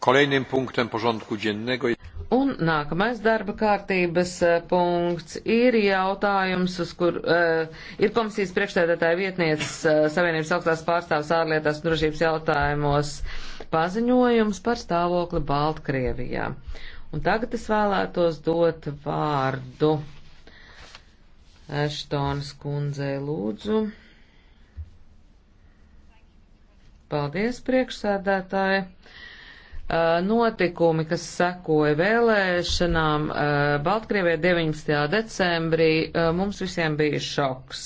Kolejnym punktem porządku dziennego Un nākamais darba kārtības eh, punkts ir jautājums, uz kur uh, ir komisijas priekšstādātāja vietnieces uh, Savienības augstās pārstāvs ārlietās un drošības jautājumos paziņojums par stāvokli Baltkrievijā. Un tagad es vēlētos dot vārdu Eštonas kundzei lūdzu. Paldies, priekšsēdētāji. Uh, Uh, notikumi, kas sekoja vēlēšanām uh, Baltkrievijā 19. decembrī, uh, mums visiem bija šoks.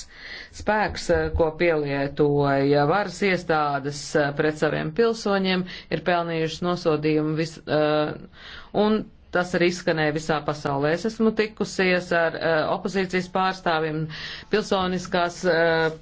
Spēks, ko pielietoja varas iestādes pret saviem pilsoņiem, ir pelnījušas nosodījumu vis, un Tas arī izskanēja visā pasaulē. Es esmu tikusies ar uh, opozīcijas pārstāvjiem, pilsoniskās uh,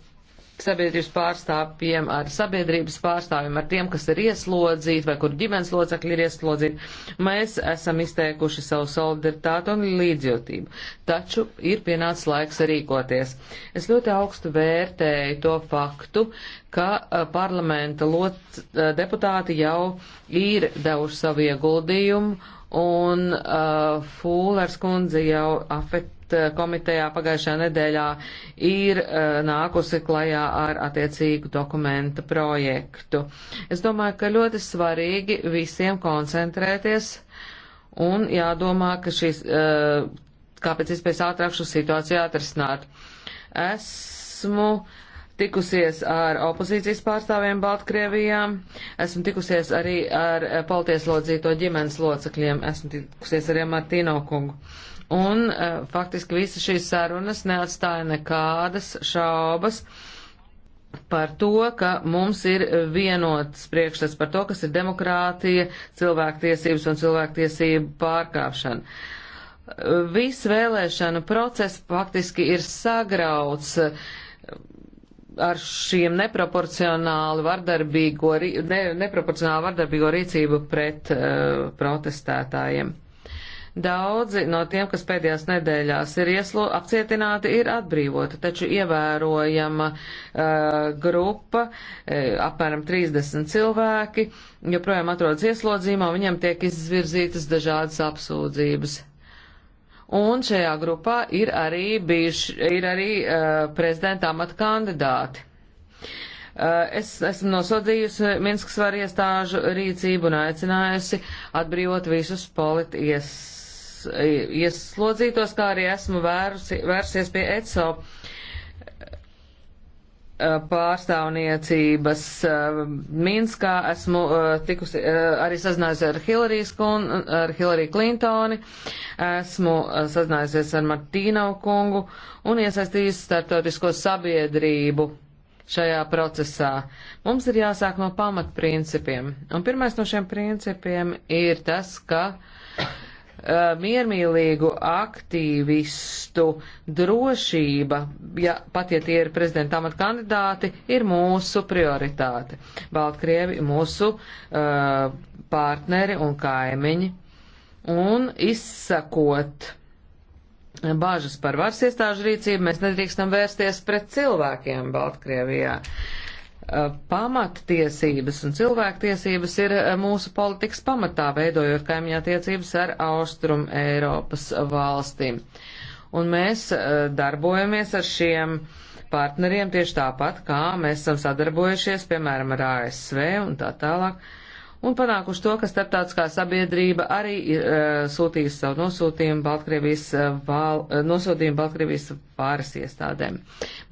sabiedrības pārstāvjiem, ar sabiedrības pārstāvjiem, ar tiem, kas ir ieslodzīti vai kur ģimenes locekļi ir ieslodzīti. Mēs esam izteikuši savu solidaritātu un līdzjūtību, taču ir pienācis laiks rīkoties. Es ļoti augstu vērtēju to faktu, ka parlamenta lot, deputāti jau ir devuši savu ieguldījumu un uh, Fūlers kundze jau afet Eh, komitejā pagājušajā nedēļā ir uh, nākusi klajā ar attiecīgu dokumenta projektu. Es domāju, ka ļoti svarīgi visiem koncentrēties un jādomā, ka šīs, uh, eh, kāpēc iespējas ātrāk šo situāciju atrisināt. Esmu tikusies ar opozīcijas pārstāvjiem Baltkrievijā, esmu tikusies arī ar politieslodzīto ģimenes locekļiem, esmu tikusies arī ar Martīno kungu. Uh, un uh, faktiski visas šīs sarunas neatstāja nekādas šaubas par to, ka mums ir vienots priekšstats par to, kas ir demokrātija, cilvēktiesības un cilvēktiesību pārkāpšana. Viss vēlēšanu process faktiski ir sagrauts ar šiem neproporcionāli vardarbīgo, ne, neproporcionāli vardarbīgo rīcību pret uh, protestētājiem. Daudzi no tiem, kas pēdējās nedēļās ir ieslo, apcietināti, ir atbrīvoti, taču ievērojama uh, grupa, uh, apmēram 30 cilvēki, joprojām atrodas ieslodzījumā, viņiem tiek izvirzītas dažādas apsūdzības. Un šajā grupā ir arī, bijuši, ir arī uh, prezidenta amata kandidāti. Uh, es esmu nosodījusi Minskas varu iestāžu rīcību un aicinājusi atbrīvot visus politiesis ieslodzītos, kā arī esmu vērusi, vērsies pie ECO e, pārstāvniecības e, Minskā. Esmu e, tikusi, arī sazinājusi ar Hilarijas kungu, ar Hilariju Klintoni, esmu sazinājusies ar Martīnavu kungu un iesaistījusi starptautisko sabiedrību šajā procesā. Mums ir jāsāk no pamatprincipiem. Un pirmais no šiem principiem ir tas, ka Eh, miermīlīgu aktīvistu drošība, ja pat ja tie ir prezidenta amata kandidāti, ir mūsu prioritāte. Baltkrievi mūsu uh, partneri un kaimiņi. Un izsakot bāžas par varas iestāžu rīcību, mēs nedrīkstam vērsties pret cilvēkiem Baltkrievijā. Uh, Eh, pamattiesības un cilvēktiesības ir eh, mūsu politikas pamatā, veidojot kaimiņattiecības ar Austrum Eiropas valstīm. Un mēs eh, darbojamies ar šiem partneriem tieši tāpat, kā mēs esam sadarbojušies, piemēram, ar ASV un tā tālāk un panākuši to, ka starptautiskā sabiedrība arī ir uh, eh, sūtījusi savu nosūtījumu Baltkrievijas, uh, val, uh, nosūtījumu Baltkrievijas pāris iestādēm.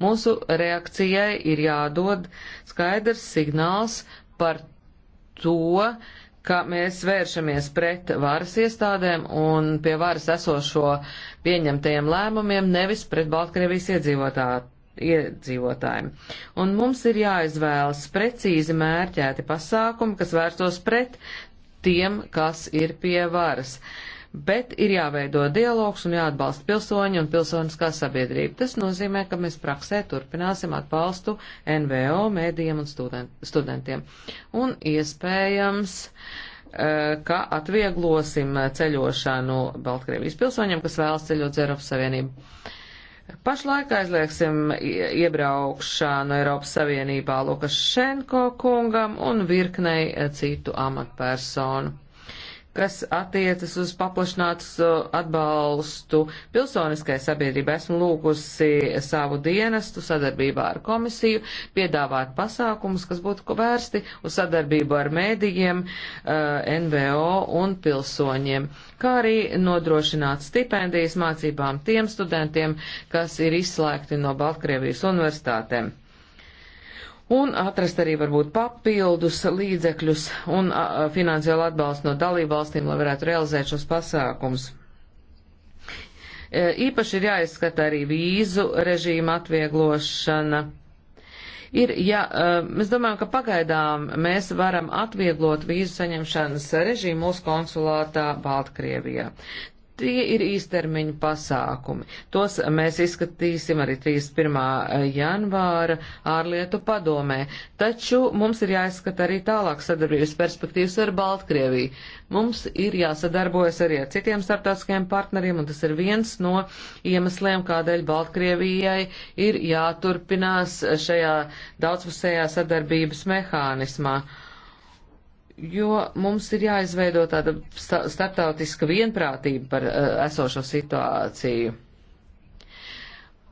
Mūsu reakcijai ir jādod skaidrs signāls par to, ka mēs vēršamies pret varas iestādēm un pie varas esošo pieņemtajiem lēmumiem, nevis pret Baltkrievijas iedzīvotāju iedzīvotājiem. Un mums ir jāizvēlas precīzi mērķēti pasākumi, kas vērstos pret tiem, kas ir pie varas. Bet ir jāveido dialogs un jāatbalsta pilsoņi un pilsoniskā sabiedrība. Tas nozīmē, ka mēs praksē turpināsim atbalstu NVO, mēdījiem un studentiem. Un iespējams, eh, ka atvieglosim ceļošanu Baltkrievijas pilsoņiem, kas vēlas ceļot uz Eiropas Savienību. Pašlaik aizliegsim iebraukšanu Eiropas Savienībā Lukašenko kungam un virknei eh, citu amatpersonu kas attiecas uz paplašinātu uh, atbalstu pilsoniskai sabiedrībai. Esmu lūgusi savu dienestu sadarbībā ar komisiju piedāvāt pasākumus, kas būtu vērsti uz sadarbību ar mēdījiem, uh, NVO un pilsoņiem, kā arī nodrošināt stipendijas mācībām tiem studentiem, kas ir izslēgti no Baltkrievijas universitātēm un atrast arī varbūt papildus līdzekļus un finansiālu atbalstu no dalībvalstīm, lai varētu realizēt šos pasākums. E, īpaši ir jāizskata arī vīzu režīma atvieglošana. Ir, ja, mēs domājam, ka pagaidām mēs varam atvieglot vīzu saņemšanas režīmu mūsu konsulātā Baltkrievijā. Tie ir īstermiņa pasākumi. Tos mēs izskatīsim arī 31. janvāra ārlietu padomē. Taču mums ir jāizskata arī tālāk sadarbības perspektīvas ar Baltkrieviju. Mums ir jāsadarbojas arī ar citiem starptautiskajiem partneriem, un tas ir viens no iemesliem, kādēļ Baltkrievijai ir jāturpinās šajā daudzpusējā sadarbības mehānismā. Uh, jo mums ir jāizveido tāda starptautiska vienprātība par uh, esošo situāciju.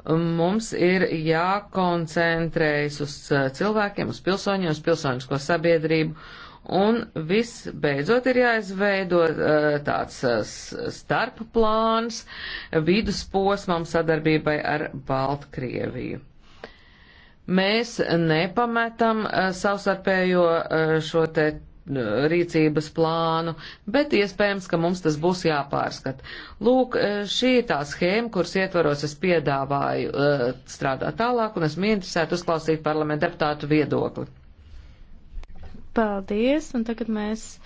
Mums ir jākoncentrējas uz eh, cilvēkiem, uz pilsoņiem, uz pilsonisko sabiedrību, un viss beidzot ir jāizveido uh, tāds starpplāns vidusposmam sadarbībai ar Baltkrieviju mēs nepametam savstarpējo šo te rīcības plānu, bet iespējams, ka mums tas būs jāpārskat. Lūk, e, šī ir tā schēma, kuras ietvaros es piedāvāju e, strādāt tālāk, un esmu interesēta uzklausīt parlamentu deputātu viedokli. Paldies, un tagad mēs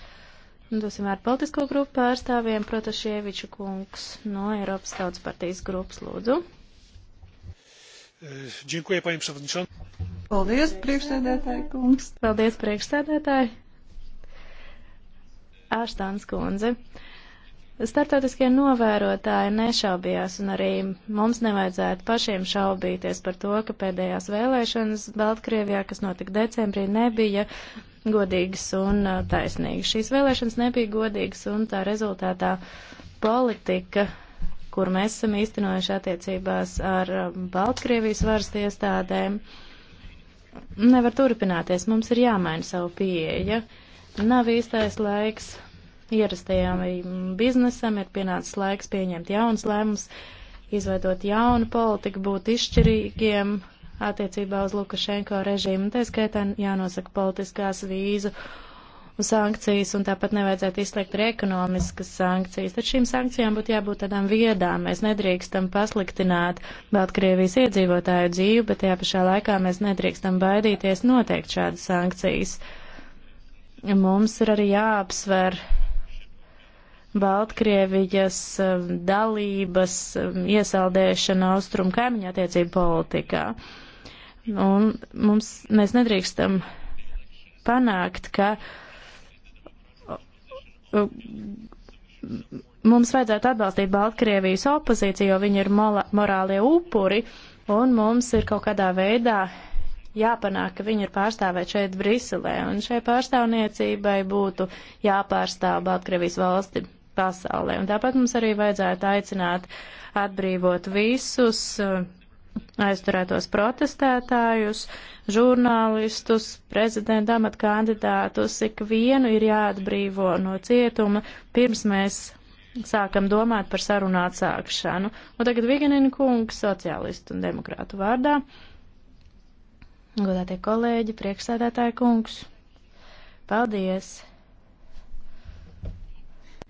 dosim ar politisko grupu pārstāvjiem Protašieviču kungs no Eiropas Tautas partijas grupas lūdzu. Dziękuję, panie przewodniczący. Paldies, priekšsēdētāji kungs. Paldies, priekšsēdētāji. Ārstans kundze. Startautiskie novērotāji nešaubījās, un arī mums nevajadzētu pašiem šaubīties par to, ka pēdējās vēlēšanas Baltkrievijā, kas notika decembrī, nebija godīgas un uh, taisnīgas. Šīs vēlēšanas nebija godīgas, un tā rezultātā politika, kur mēs esam īstenojuši attiecībās ar uh, Baltkrievijas varas iestādēm, nevar turpināties. Mums ir jāmaina savu pieeja. Nav īstais laiks ierastajām mm, biznesam ir pienācis laiks pieņemt jaunas lēmumus, izveidot jaunu politiku, būt izšķirīgiem attiecībā uz Lukašenko režīmu, un tā skaitā jānosaka politiskās vīzu sankcijas, un tāpat nevajadzētu izslēgt arī ekonomiskas sankcijas. Taču šīm sankcijām būtu jābūt tādām viedām. Mēs nedrīkstam pasliktināt Baltkrievijas iedzīvotāju dzīvi, bet tajā pašā laikā mēs nedrīkstam baidīties noteikt šādas sankcijas. Mums ir arī jāapsver Baltkrievijas um, dalības um, iesaldēšana austrumu kaimiņa attiecību politikā. Un mums, mēs nedrīkstam panākt, ka uh, mums vajadzētu atbalstīt Baltkrievijas opozīciju, jo viņi ir morālie upuri, un mums ir kaut kādā veidā jāpanāk, ka viņi ir pārstāvēti šeit Briselē, un šai pārstāvniecībai būtu jāpārstāv Baltkrievijas valsti pasaulē. Un tāpat mums arī vajadzētu aicināt atbrīvot visus eh, aizturētos protestētājus, žurnālistus, prezidenta amata kandidātus. Ikvienu ir jāatbrīvo no cietuma, pirms mēs sākam domāt par sarunu atsākšanu. Un tagad Viganina kungs, sociālistu un demokrātu vārdā. Godātie kolēģi, priekšsēdētāji kungs, paldies!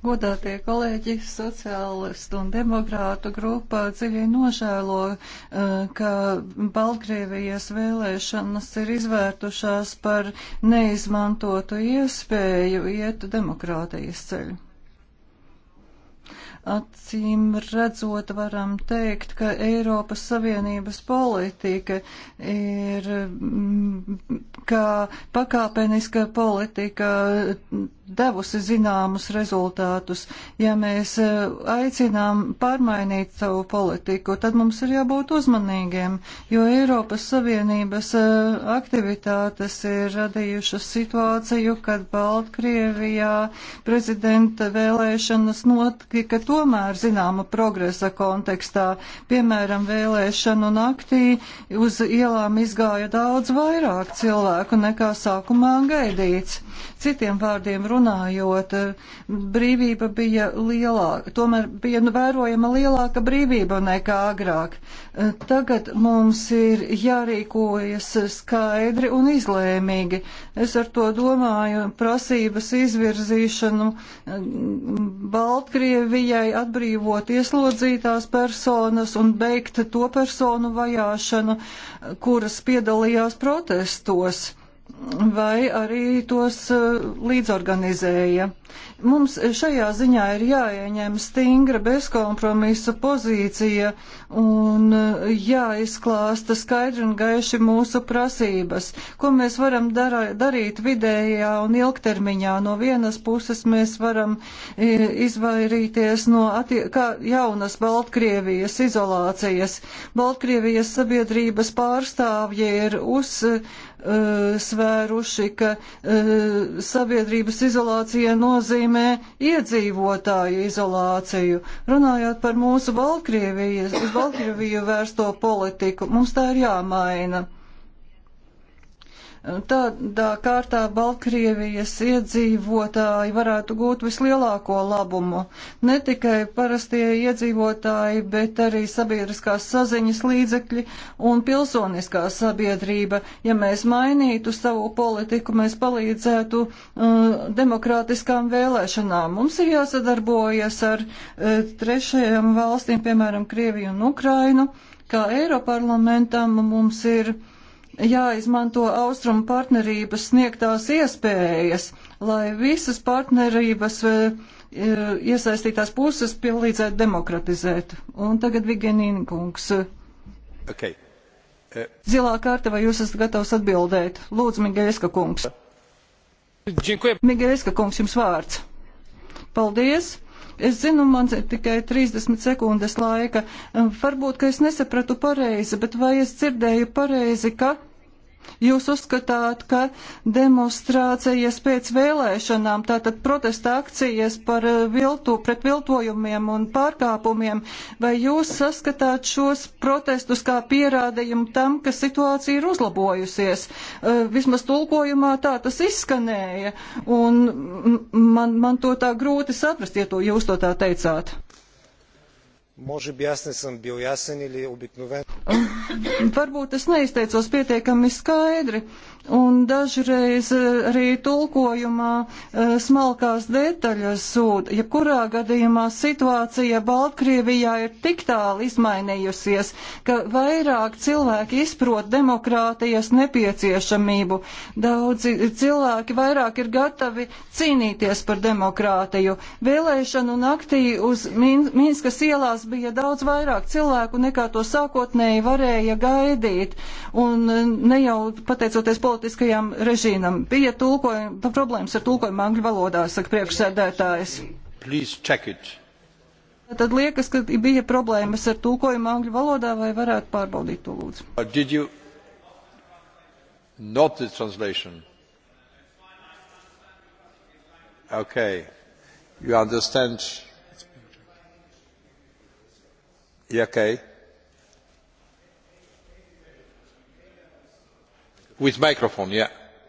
Godātie kolēģi, sociālistu un demokrātu grupā dziļi nožēlo, eh, ka Baltkrievijas vēlēšanas ir izvērtušās par neizmantotu iespēju iet demokrātijas ceļu. Acīm redzot, varam teikt, ka Eiropas Savienības politika ir mm, kā pakāpeniska politika devusi zināmus rezultātus. Ja mēs e, aicinām pārmainīt savu politiku, tad mums ir jābūt uzmanīgiem, jo Eiropas Savienības e, aktivitātes ir radījušas situāciju, kad Baltkrievijā prezidenta vēlēšanas notika tomēr zināma progresa kontekstā. Piemēram, vēlēšanu naktī uz ielām izgāja daudz vairāk cilvēku nekā sākumā gaidīts. Citiem vārdiem runājot, brīvība bija lielāka, tomēr bija nu, vērojama lielāka brīvība nekā agrāk. Tagad mums ir jārīkojas skaidri un izlēmīgi. Es ar to domāju prasības izvirzīšanu Baltkrievijai tikai atbrīvot ieslodzītās personas un beigt to personu vajāšanu, kuras piedalījās protestos vai arī tos eh, līdzorganizēja. Mums šajā ziņā ir jāieņem stingra bezkompromisa pozīcija un eh, jāizklāsta skaidri un gaiši mūsu prasības, ko mēs varam darā, darīt vidējā un ilgtermiņā. No vienas puses mēs varam eh, izvairīties no attie, jaunas Baltkrievijas izolācijas. Baltkrievijas sabiedrības pārstāvji ir uz eh, svēruši, ka sabiedrības izolācija nozīmē nozīmē iedzīvotāju izolāciju. Runājot par mūsu Baltkrieviju, uz Baltkrieviju vērsto politiku, mums tā ir jāmaina. Tādā kārtā Baltkrievijas iedzīvotāji varētu gūt vislielāko labumu. Ne tikai parastie iedzīvotāji, bet arī sabiedriskās saziņas līdzekļi un pilsoniskā sabiedrība. Ja mēs mainītu savu politiku, mēs palīdzētu uh, demokrātiskām vēlēšanām. Mums ir jāsadarbojas ar uh, trešajām valstīm, piemēram, Krieviju un Ukrainu. Kā Eiroparlamentam mums ir uh, jāizmanto austrumu partnerības sniegtās iespējas, lai visas partnerības e, e, iesaistītās puses palīdzētu demokratizēt. Un tagad Vigenīna kungs. Okay. Uh... Zilā kārta, vai jūs esat gatavs atbildēt? Lūdzu, Migēska kungs. Migēska kungs, jums vārds. Paldies. Es zinu, man ir tikai 30 sekundes laika. Varbūt, ka es nesapratu pareizi, bet vai es dzirdēju pareizi, ka Jūs uzskatāt, ka demonstrācijas pēc vēlēšanām, tātad protesta akcijas par eh, viltu, pret viltojumiem un pārkāpumiem, vai jūs saskatāt šos protestus kā pierādījumu tam, ka situācija ir uzlabojusies? Eh, vismaz tulkojumā tā tas izskanēja, un man, man to tā grūti saprast, ja to jūs to tā teicāt. Може би аз не съм бил ясен или обикновен. Varbūt es neizteicos pietiekami skaidri. Uh, Un dažreiz eh, arī tulkojumā eh, smalkās detaļas sūd. Jebkurā gadījumā situācija Baltkrievijā ir tik tālu izmainījusies, ka vairāk cilvēki izprot demokrātijas nepieciešamību. Daudzi cilvēki vairāk ir gatavi cīnīties par demokrātiju. Vēlēšanu naktī uz Min Minskas ielās bija daudz vairāk cilvēku nekā to sākotnēji varēja gaidīt. Un eh, ne jau pateicoties politikai politiskajam režīmam. Bija tulkojuma, problēmas ar tulkojumu angļu valodā, saka priekšsēdētājs. Tad liekas, ka bija problēmas ar tulkojumu angļu valodā, vai varētu pārbaudīt to lūdzu. Uh, you... Not the translation. Okay. You understand? Yeah, okay. With microphone, yeah.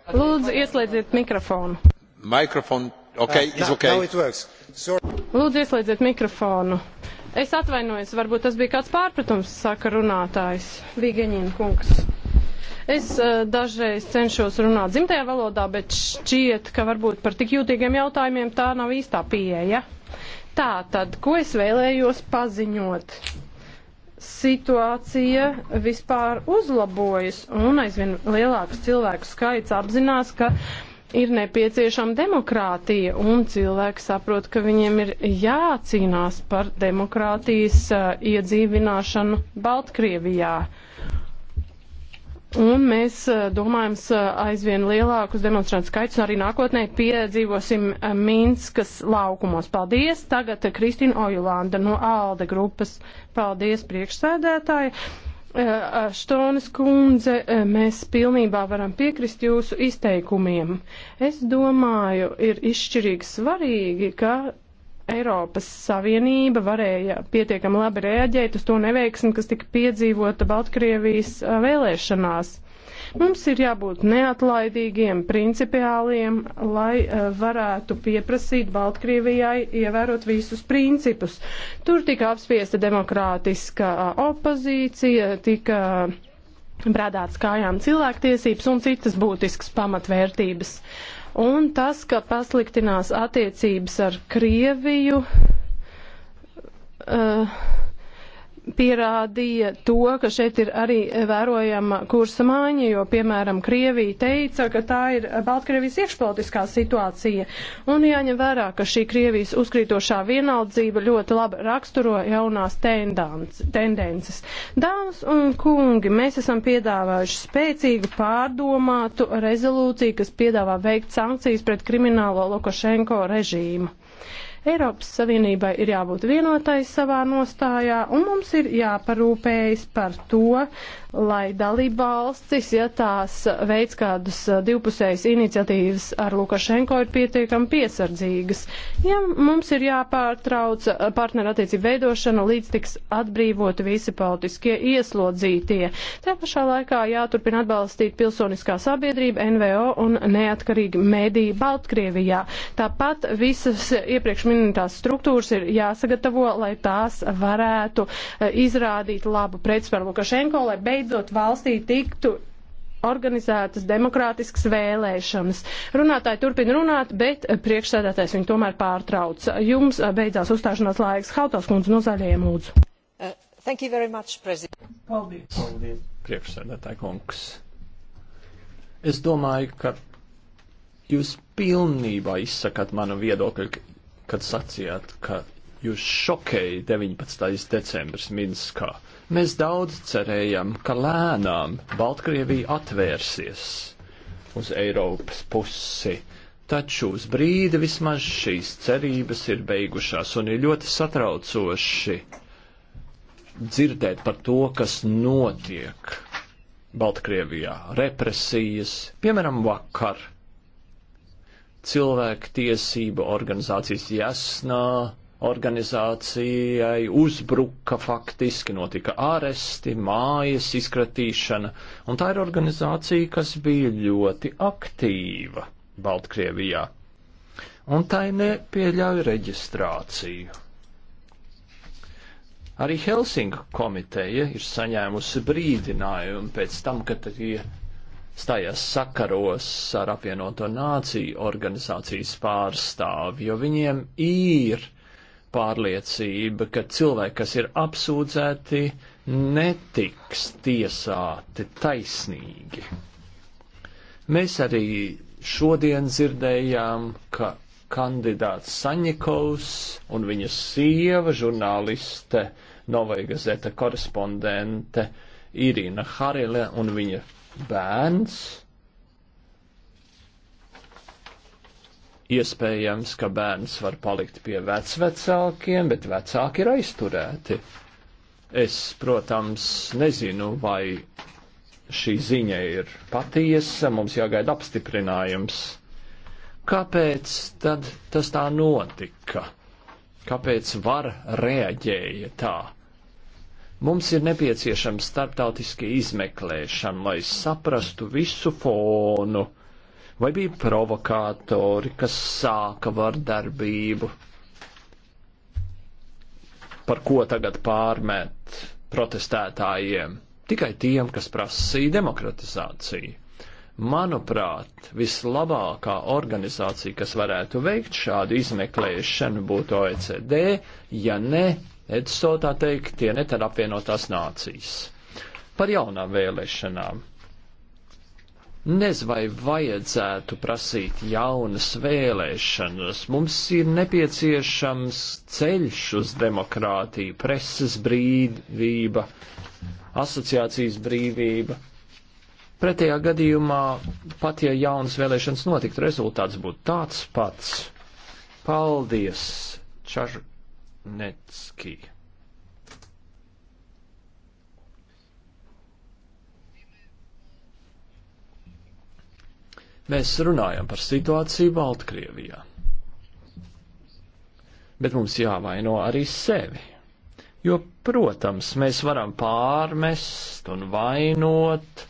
Lūdzu, ieslēdziet mikrofonu. Mikrofonu, ok, ah, it's ok. Now it works. Sorry. Lūdzu, ieslēdziet mikrofonu. Es atvainojos, varbūt tas bija kāds pārpratums, saka runātājs Vigeņina kungs. Es uh, dažreiz cenšos runāt dzimtajā valodā, bet šķiet, ka varbūt par tik jūtīgiem jautājumiem tā nav īstā pieeja. Tā tad, ko es vēlējos paziņot? situācija vispār uzlabojas un aizvien lielāks cilvēku skaits apzinās, ka ir nepieciešama demokrātija, un cilvēki saprot, ka viņiem ir jācīnās par demokrātijas uh, iedzīvināšanu Baltkrievijā. Uh, Un mēs eh, domājams eh, aizvien lielākus demonstrantu skaitus arī nākotnē piedzīvosim eh, Minskas laukumos. Paldies! Tagad Kristina Ojulanda no ALDE grupas. Paldies priekšsēdētāji! Štonas kundze, mēs pilnībā varam piekrist jūsu izteikumiem. Es domāju, ir izšķirīgi svarīgi, ka Eiropas Savienība varēja pietiekami labi reaģēt uz to neveiksmi, kas tika piedzīvota Baltkrievijas vēlēšanās. Mums ir jābūt neatlaidīgiem, principiāliem, lai varētu pieprasīt Baltkrievijai ievērot visus principus. Tur tika apspiesta demokrātiska opozīcija, tika brādāts kājām cilvēktiesības un citas būtiskas pamatvērtības. Uh, Un tas, ka pasliktinās attiecības ar Krieviju. Uh, pierādīja to, ka šeit ir arī vērojama kursa māņa, jo, piemēram, Krievija teica, ka tā ir Baltkrievijas iekšpolitiskā situācija. Un jāņem vērā, ka šī Krievijas uzkrītošā vienaldzība ļoti labi raksturo jaunās tendences. Dāmas un kungi, mēs esam piedāvājuši spēcīgu pārdomātu rezolūciju, kas piedāvā veikt sankcijas pret kriminālo Lukašenko režīmu. Eiropas Savienībai ir jābūt vienotai savā nostājā, un mums ir jāparūpējas par to, lai dalībvalstis, ja tās veids kādas eh, divpusējas iniciatīvas ar Lukašenko ir pietiekami piesardzīgas. Ja mums ir jāpārtrauc eh, partnerattiecību veidošana, līdz tiks atbrīvoti visi politiskie ieslodzītie. Te pašā laikā jāturpina atbalstīt pilsoniskā sabiedrība, NVO un neatkarīgi mediju Baltkrievijā. Tāpat visas iepriekš minētās struktūras ir jāsagatavo, lai tās varētu eh, izrādīt labu pretspēru Lukašenko, lai beidz beidzot valstī tiktu organizētas demokrātiskas vēlēšanas. Runātāji turpina runāt, bet priekšsēdētājs viņu tomēr pārtrauc. Jums beidzās uzstāšanās laiks. Hautās kundze no zaļajiem lūdzu. Uh, thank you very much, President. Paldies. Paldies. Priekšsēdētāji kungs. Es domāju, ka jūs pilnībā izsakāt manu viedokli, kad sacījāt, ka jūs šokēja 19. decembris Minskā. Mēs daudz cerējam, ka lēnām Baltkrievija atvērsies uz Eiropas pusi, taču uz brīdi vismaz šīs cerības ir beigušās un ir ļoti satraucoši dzirdēt par to, kas notiek Baltkrievijā. Represijas, piemēram, vakar cilvēku tiesību organizācijas Jasnā organizācijai uzbruka faktiski, notika āresti, mājas izkratīšana, un tā ir organizācija, kas bija ļoti aktīva Baltkrievijā, un tai nepieļauj reģistrāciju. Arī Helsinga komiteja ir saņēmusi brīdinājumu pēc tam, kad tie stājās sakaros ar apvienoto nāciju organizācijas pārstāvi, jo viņiem ir pārliecība, ka cilvēki, kas ir apsūdzēti, netiks tiesāti taisnīgi. Mēs arī šodien dzirdējām, ka kandidāts Saņikovs un viņa sieva, žurnāliste, Novajgazeta korespondente Irina Harile un viņa bērns Iespējams, ka bērns var palikt pie vecvecākiem, bet vecāki ir aizturēti. Es, protams, nezinu, vai šī ziņa ir patiesa, mums jāgaida apstiprinājums. Kāpēc tad tas tā notika? Kāpēc var reaģēja tā? Mums ir nepieciešama starptautiska izmeklēšana, lai saprastu visu fonu vai bija provokātori, kas sāka vardarbību, par ko tagad pārmet protestētājiem, tikai tiem, kas prasīja demokratizāciju. Manuprāt, vislabākā organizācija, kas varētu veikt šādu izmeklēšanu, būtu OECD, ja ne EDSO, tā teikt, tie ne tad apvienotās nācijas. Par jaunām vēlēšanām Nez vai vajadzētu prasīt jaunas vēlēšanas. Mums ir nepieciešams ceļš uz demokrātiju, preses brīvība, asociācijas brīvība. Pretējā gadījumā, pat ja jaunas vēlēšanas notiktu, rezultāts būtu tāds pats. Paldies, Čažnecki! Mēs runājam par situāciju Baltkrievijā. Bet mums jāvaino arī sevi. Jo, protams, mēs varam pārmest un vainot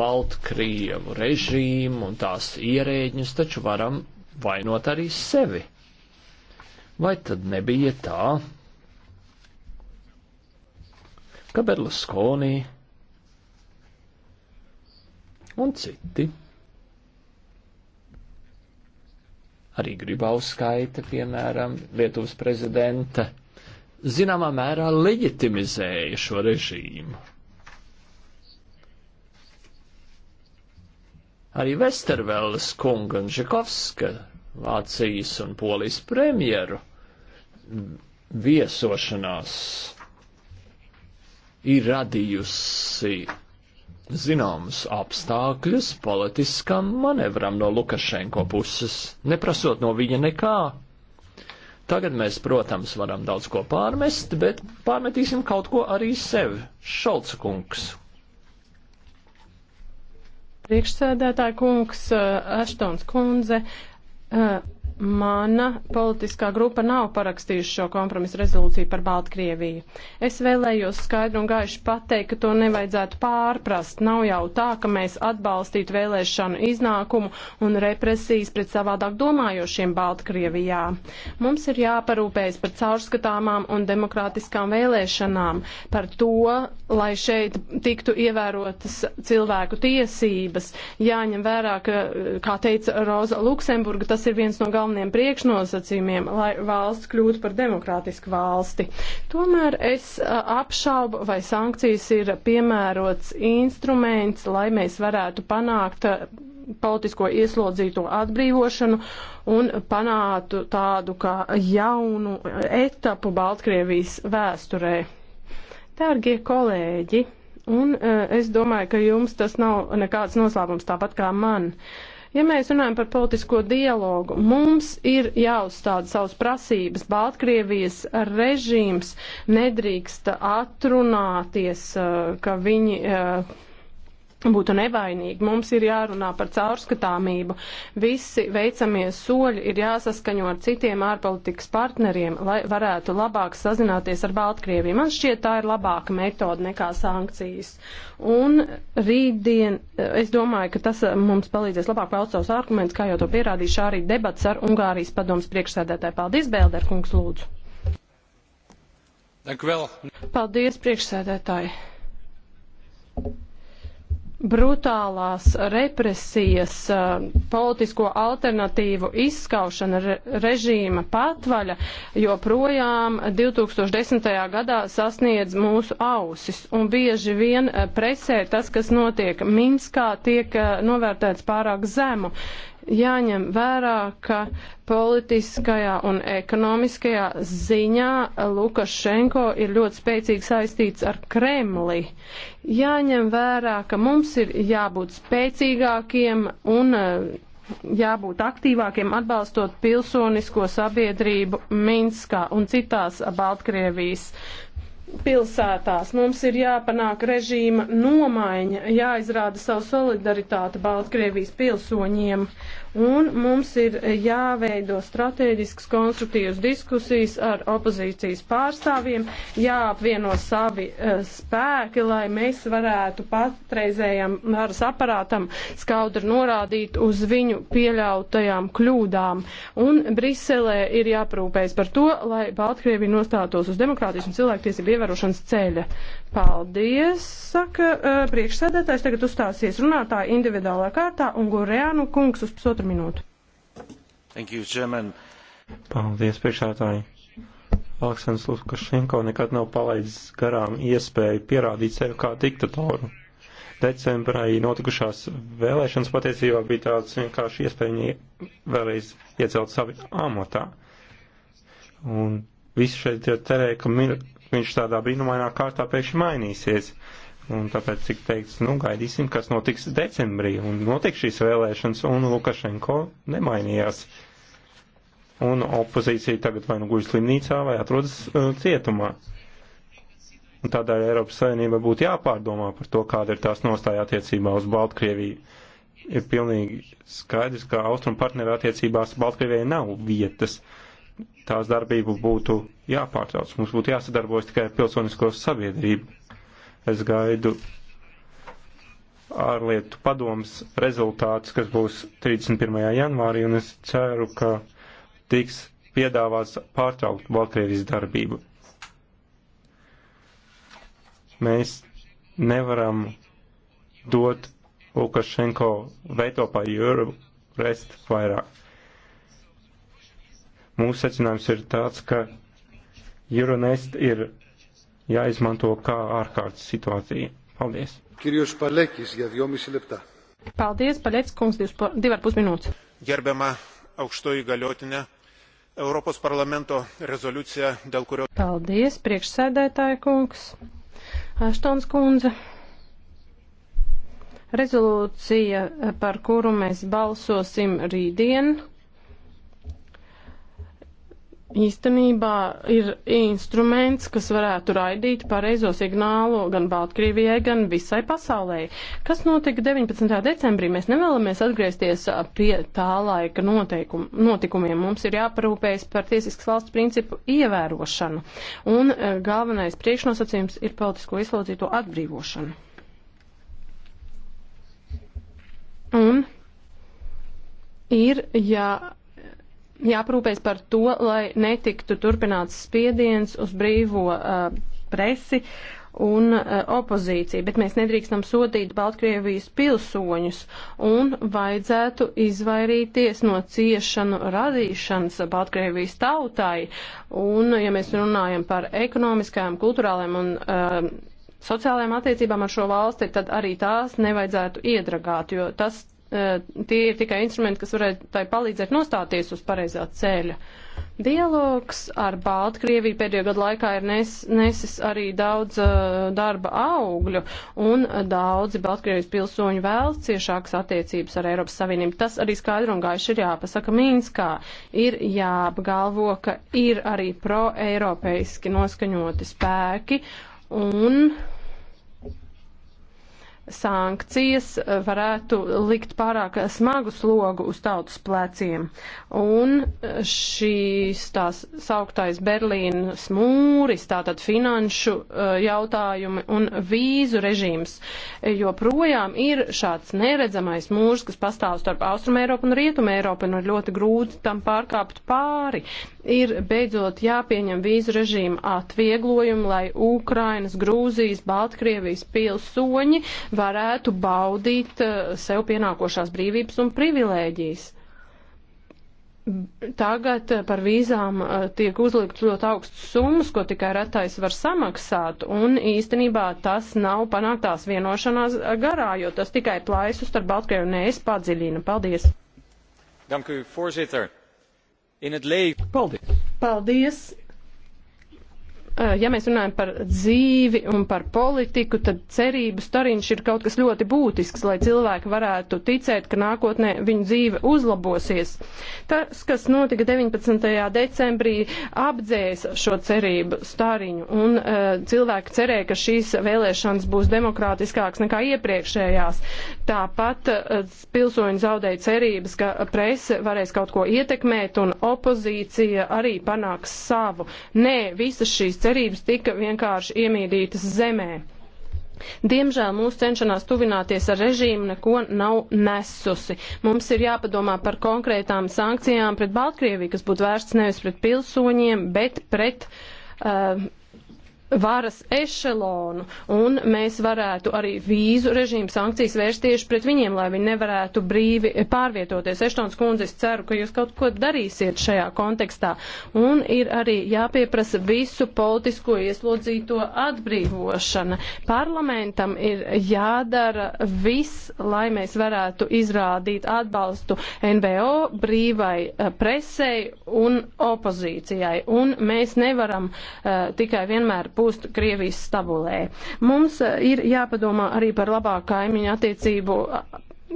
Baltkrievu režīmu un tās ierēģņus, taču varam vainot arī sevi. Vai tad nebija tā, ka Berlusconi un citi arī Gribauskaita, piemēram, Lietuvas prezidenta, zināmā mērā leģitimizēja šo režīmu. Arī Vestervēlas kunga un Žekovska, Vācijas un Polijas premjeru viesošanās ir radījusi zināmus apstākļus politiskam manevram no Lukašenko puses, neprasot no viņa nekā. Tagad mēs, protams, varam daudz ko pārmest, bet pārmetīsim kaut ko arī sev, Šolca kungs. Priekšsēdētāja kungs, uh, Aštons kundze, uh, Mana politiskā grupa nav parakstījusi šo kompromisu rezolūciju par Baltkrieviju. Es vēlējos skaidru un gaišu pateikt, ka to nevajadzētu pārprast. Nav jau tā, ka mēs atbalstītu vēlēšanu iznākumu un represijas pret savādāk domājošiem Baltkrievijā. Mums ir jāparūpējas par caurskatāmām un demokrātiskām vēlēšanām, par to, lai šeit tiktu ievērotas cilvēku tiesības. Jāņem vērā, ka, kā teica Roza Luksemburga, tas ir viens no galvenajiem galveniem priekšnosacījumiem, lai valsts kļūtu par demokrātisku valsti. Tomēr es apšaubu, vai sankcijas ir piemērots instruments, lai mēs varētu panākt politisko ieslodzīto atbrīvošanu un panātu tādu kā jaunu etapu Baltkrievijas vēsturē. Dārgie kolēģi, un es domāju, ka jums tas nav nekāds noslēpums tāpat kā man. Uh, Ja mēs runājam par politisko dialogu, mums ir jāuzstāda savas prasības. Baltkrievijas režīms nedrīkst atrunāties, eh, ka viņi eh, būtu nevainīgi. Mums ir jārunā par caurskatāmību. Visi veicamie soļi ir jāsaskaņo ar citiem ārpolitikas partneriem, lai varētu labāk sazināties ar Baltkrieviju. Man šķiet, tā ir labāka metode nekā sankcijas. Un rītdien, es domāju, ka tas uh, mums palīdzēs labāk paust savus argumentus, kā jau to pierādīja šā arī debats ar Ungārijas padomas priekšsēdētāju. Paldies, Bēlder, kungs, lūdzu. Paldies, priekšsēdētāji. Thank you brutālās represijas, eh, politisko alternatīvu izskaušana, režīma patvaļa joprojām 2010. gadā sasniedz mūsu ausis. Un bieži vien eh, presē tas, kas notiek Minskā, tiek eh, novērtēts pārāk zemu jāņem vērā, ka politiskajā un ekonomiskajā ziņā Lukašenko ir ļoti spēcīgi saistīts ar Kremli. Jāņem vērā, ka mums ir jābūt spēcīgākiem un eh, jābūt aktīvākiem atbalstot pilsonisko sabiedrību Minskā un citās Baltkrievijas pilsētās. Mums ir jāpanāk režīma nomaiņa, jāizrāda savu solidaritāti Baltkrievijas pilsoņiem, un mums ir jāveido strateģisks konstruktīvs diskusijas ar opozīcijas pārstāvjiem, jāapvieno savi uh, spēki, lai mēs varētu patreizējam varas aparātam skaudri norādīt uz viņu pieļautajām kļūdām. Un Briselē ir jāprūpējas par to, lai Baltkrievija nostātos uz demokrātijas un cilvēktiesību ievērošanu ievērošanas ceļa. Paldies, saka priekšsēdētājs. Tagad uzstāsies runātāja individuālā kārtā un Gurēnu kungs uz pusotru minūtu. Thank you, Chairman. Paldies, priekšsēdētāji. Aleksandrs Lukašenko nekad nav palaidis garām iespēju pierādīt sevi kā diktatoru. Decembrī notikušās vēlēšanas patiesībā bija tāds vienkārši iespēja viņai vēlreiz iecelt savu amatā. Un visi šeit jau cerēja, ka mir viņš tādā brīnumainā kārtā pēkšņi mainīsies. Un tāpēc, cik teiks, nu, gaidīsim, kas notiks decembrī, un notiek šīs vēlēšanas, un Lukašenko nemainījās. Un opozīcija tagad vai nu guļ slimnīcā, vai atrodas uh, cietumā. Un tādēļ Eiropas Savienība būtu jāpārdomā par to, kāda ir tās nostāja attiecībā uz Baltkrieviju. Ir pilnīgi skaidrs, ka austrumu partneru attiecībās Baltkrievijai nav vietas. Uh, tās darbību būtu jāpārtrauc. Mums būtu jāsadarbojas tikai ar pilsonisko sabiedrību. Es gaidu ārlietu padomas rezultātus, kas būs 31. janvārī, un es ceru, ka tiks piedāvāts pārtraukt Baltkrievijas darbību. Mēs nevaram dot Lukašenko veto pa jūru rest vairāk. Mūsu secinājums ir tāds, ka Euronest ir jāizmanto kā ārkārtas situācija. Paldies! Kirjus Palekis, ja dvjomis leptā. Paldies, Paļets kungs, divi ar pus minūtes. Gerbiamā augšto įgaliotinė, Europos parlamento rezoliucija, dėl kurio. Paldies, priekšsēdētāja kungs, Aštons kundze. Rezolūcija, par kuru mēs balsosim rītdien, īstenībā ir instruments, kas varētu raidīt pareizo signālu gan Baltkrievijai, gan visai pasaulē. Kas notika 19. decembrī? Mēs nevēlamies atgriezties pie tā laika noteikumu, notikumiem. Mums ir jāparūpējas par tiesiskas valsts principu ievērošanu. Un galvenais priekšnosacījums ir politisko izslodzīto atbrīvošanu. Un ir, ja jāprūpēs par to, lai netiktu turpināts spiediens uz brīvo uh, presi un uh, opozīciju, bet mēs nedrīkstam sodīt Baltkrievijas pilsoņus un vajadzētu izvairīties no ciešanu radīšanas Baltkrievijas tautai. Un, ja mēs runājam par ekonomiskajām, kulturālajām un uh, sociālajām attiecībām ar šo valsti, tad arī tās nevajadzētu iedragāt, jo tas Eh, tie ir tikai instrumenti, kas varētu tai palīdzēt nostāties uz pareizā ceļa. Dialogs ar Baltkrieviju pēdējo gadu laikā ir nes, nesis arī daudz uh, darba augļu, un daudzi Baltkrievijas pilsoņi vēlas ciešākas attiecības ar Eiropas Savienību. Tas arī skaidri un gaiši ir jāpasaka Mīnskā. Ir jāapgalvo, ka ir arī pro-eiropeiski noskaņoti spēki, un sankcijas eh, varētu likt pārāk smagu slogu uz tautas pleciem. Un eh, šīs tās sauktais Berlīnas mūris, tātad finanšu eh, jautājumi un vīzu režīms, jo projām ir šāds neredzamais mūrs, kas pastāv starp Austrum Eiropu un Rietum Eiropu, un ir ļoti grūti tam pārkāpt pāri. Ir beidzot jāpieņem vīzu režīma atvieglojumi, lai Ukrainas, Grūzijas, Baltkrievijas pilsoņi varētu baudīt eh, sev pienākošās brīvības un privilēģijas. Tagad eh, par vīzām eh, tiek uzlikts ļoti augsts summas, ko tikai retais var samaksāt, un īstenībā tas nav panāktās vienošanās garā, jo tas tikai plaisus starp Baltkrievu un es padziļina. Paldies! Dank u, voorzitter. In het leven. Paldies. Paldies Eh, ja mēs runājam par dzīvi un par politiku, tad cerību stariņš ir kaut kas ļoti būtisks, lai cilvēki varētu ticēt, ka nākotnē viņu dzīve uzlabosies. Tas, kas notika 19. decembrī, apdzēsa šo cerību stariņu, un uh, cilvēki cerēja, ka šīs vēlēšanas būs demokrātiskāks nekā iepriekšējās. Tāpat uh, pilsoņi zaudēja cerības, ka prese varēs kaut ko ietekmēt, un opozīcija arī panāks savu. Nē, visas šīs cerības tika vienkārši iemīdītas zemē. Diemžēl mūsu cenšanās tuvināties ar režīmu neko nav nesusi. Mums ir jāpadomā par konkrētām sankcijām pret Baltkrieviju, kas būtu vērsts nevis pret pilsoņiem, bet pret. Uh, varas ešelonu, un mēs varētu arī vīzu režīmu sankcijas vērst tieši pret viņiem, lai viņi nevarētu brīvi pārvietoties. Eštons kundze, es ceru, ka jūs kaut ko darīsiet šajā kontekstā, un ir arī jāpieprasa visu politisko ieslodzīto atbrīvošana. Parlamentam ir jādara viss, lai mēs varētu izrādīt atbalstu NVO, brīvai eh, presei un opozīcijai, un mēs nevaram uh, tikai vienmēr pūst Krievijas stabulē. Mums eh, ir jāpadomā arī par labāku kaimiņu attiecību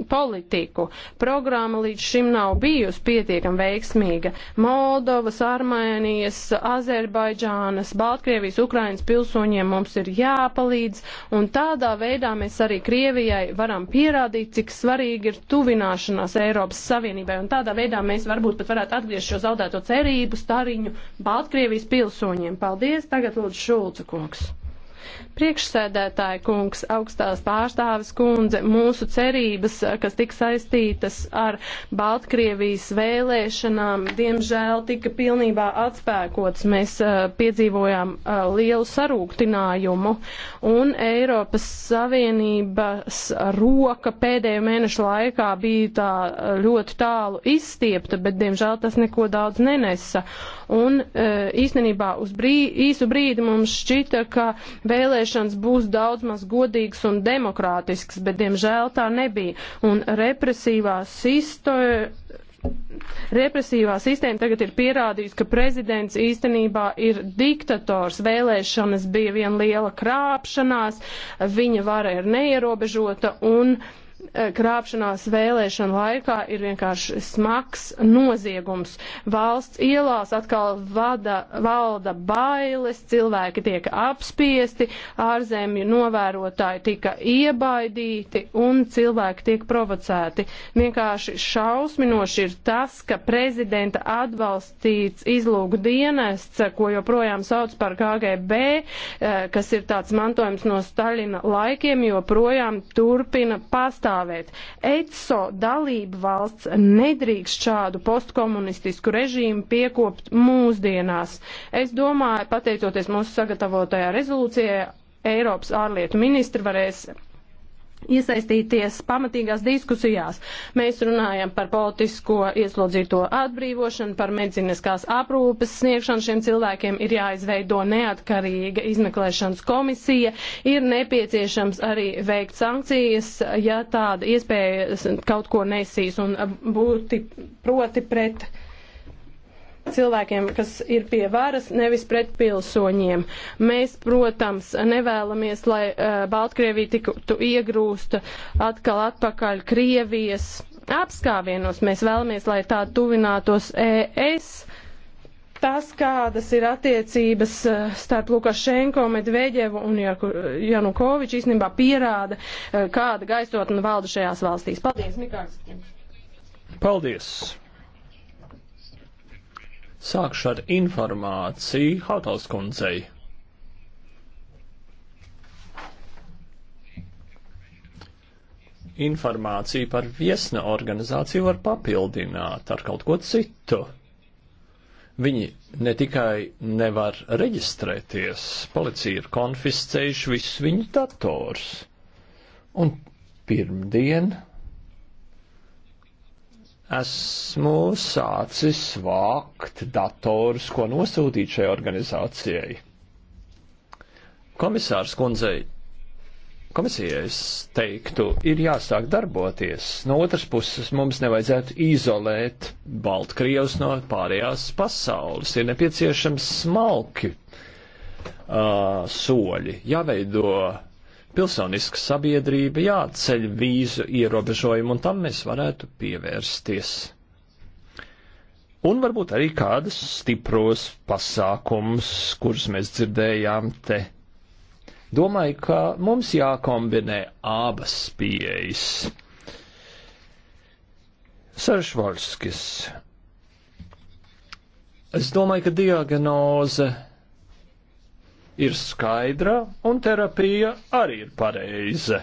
politiku. Programma līdz šim nav bijusi pietiekami veiksmīga. Moldovas, Armēnijas, Azerbaidžānas, Baltkrievijas, Ukrainas pilsoņiem mums ir jāpalīdz, un tādā veidā mēs arī Krievijai varam pierādīt, cik svarīgi ir tuvināšanās Eiropas Savienībai, un tādā veidā mēs varbūt pat varētu atgriezt šo zaudēto cerību stariņu Baltkrievijas pilsoņiem. Paldies, tagad lūdzu Šulca kungs. Priekšsēdētāja kungs, augstās pārstāvis kundze, mūsu cerības, kas tika saistītas ar Baltkrievijas vēlēšanām, diemžēl tika pilnībā atspēkots. Mēs uh, piedzīvojām uh, lielu sarūktinājumu un Eiropas Savienības roka pēdējo mēnešu laikā bija tā eh, ļoti tālu izstiepta, bet diemžēl tas neko daudz nenesa un e, īstenībā uz brī, īsu brīdi mums šķita, ka vēlēšanas būs daudz maz godīgas un demokrātiskas, bet diemžēl tā nebija. Un represīvā sistoja. Represīvā sistēma tagad ir pierādījusi, ka prezidents īstenībā ir diktators. Vēlēšanas bija viena liela krāpšanās, viņa vara ir neierobežota un uh, Eh, krāpšanās vēlēšana laikā ir vienkārši smags noziegums. Valsts ielās atkal vada, valda bailes, cilvēki tiek apspiesti, ārzemju novērotāji tika iebaidīti un cilvēki tiek provocēti. Vienkārši šausminoši ir tas, ka prezidenta atbalstīts izlūgu dienests, ko joprojām sauc par KGB, eh, kas ir tāds mantojums no Staļina laikiem, joprojām turpina pastāvēt pastāvēt. ECO dalība valsts nedrīkst šādu postkomunistisku režīmu piekopt mūsdienās. Es domāju, pateicoties mūsu sagatavotajā rezolūcijā, Eiropas ārlietu ministri varēs iesaistīties pamatīgās diskusijās. Mēs runājam par politisko ieslodzīto atbrīvošanu, par medicīniskās aprūpes sniegšanu šiem cilvēkiem, ir jāizveido neatkarīga izmeklēšanas komisija, ir nepieciešams arī veikt sankcijas, ja tāda iespēja kaut ko nesīs un būti proti pret cilvēkiem, kas ir pie varas, nevis pret pilsoņiem. Mēs, protams, nevēlamies, lai uh, Baltkrievija tiktu iegrūsta atkal atpakaļ Krievijas apskāvienos. Mēs vēlamies, lai tā tuvinātos ES tas, kādas ir attiecības eh, starp Lukašenko, Medveģevu un Janukoviču, īstenībā pierāda, eh, kāda gaisotne valda šajās valstīs. Paldies, Mikārs! Paldies! Sākšu ar informāciju Hautals kundzei. Informāciju par viesna organizāciju var papildināt ar kaut ko citu. Viņi ne tikai nevar reģistrēties, policija ir konfiscējuši visus viņu dators. Un pirmdien esmu sācis vākt datorus, ko nosūtīt šai organizācijai. Komisārs kundzei, komisijai es teiktu, ir jāsāk darboties. No otras puses mums nevajadzētu izolēt Baltkrievs no pārējās pasaules. Ir nepieciešams smalki uh, soļi, jāveido pilsoniska sabiedrība jāceļ vīzu ierobežojumu, un tam mēs varētu pievērsties. Un varbūt arī kādas stipros pasākums, kurus mēs dzirdējām te. Domāju, ka mums jākombinē abas pieejas. Saršvalskis. Es domāju, ka diagnoze ir skaidra un terapija arī ir pareize.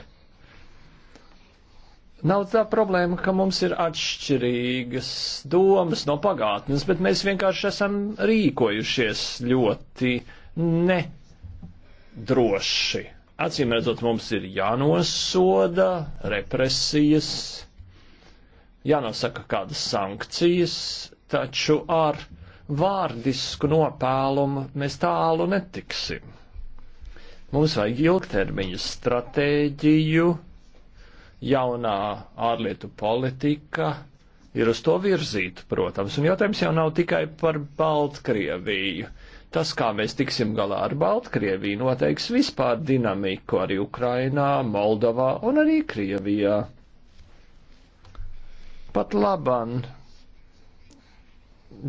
Nav tā problēma, ka mums ir atšķirīgas domas no pagātnes, bet mēs vienkārši esam rīkojušies ļoti nedroši. Acīm redzot, mums ir jānosoda represijas, jānosaka kādas sankcijas, taču ar uh, vārdisku nopēlumu mēs tālu netiksim. Mums vajag ilgtermiņu stratēģiju, jaunā ārlietu politika ir uz to virzīta, protams, un jautājums jau nav tikai par Baltkrieviju. Tas, kā mēs tiksim galā ar Baltkrieviju, noteiks vispār dinamiku arī Ukrainā, Moldovā un arī Krievijā. Pat laban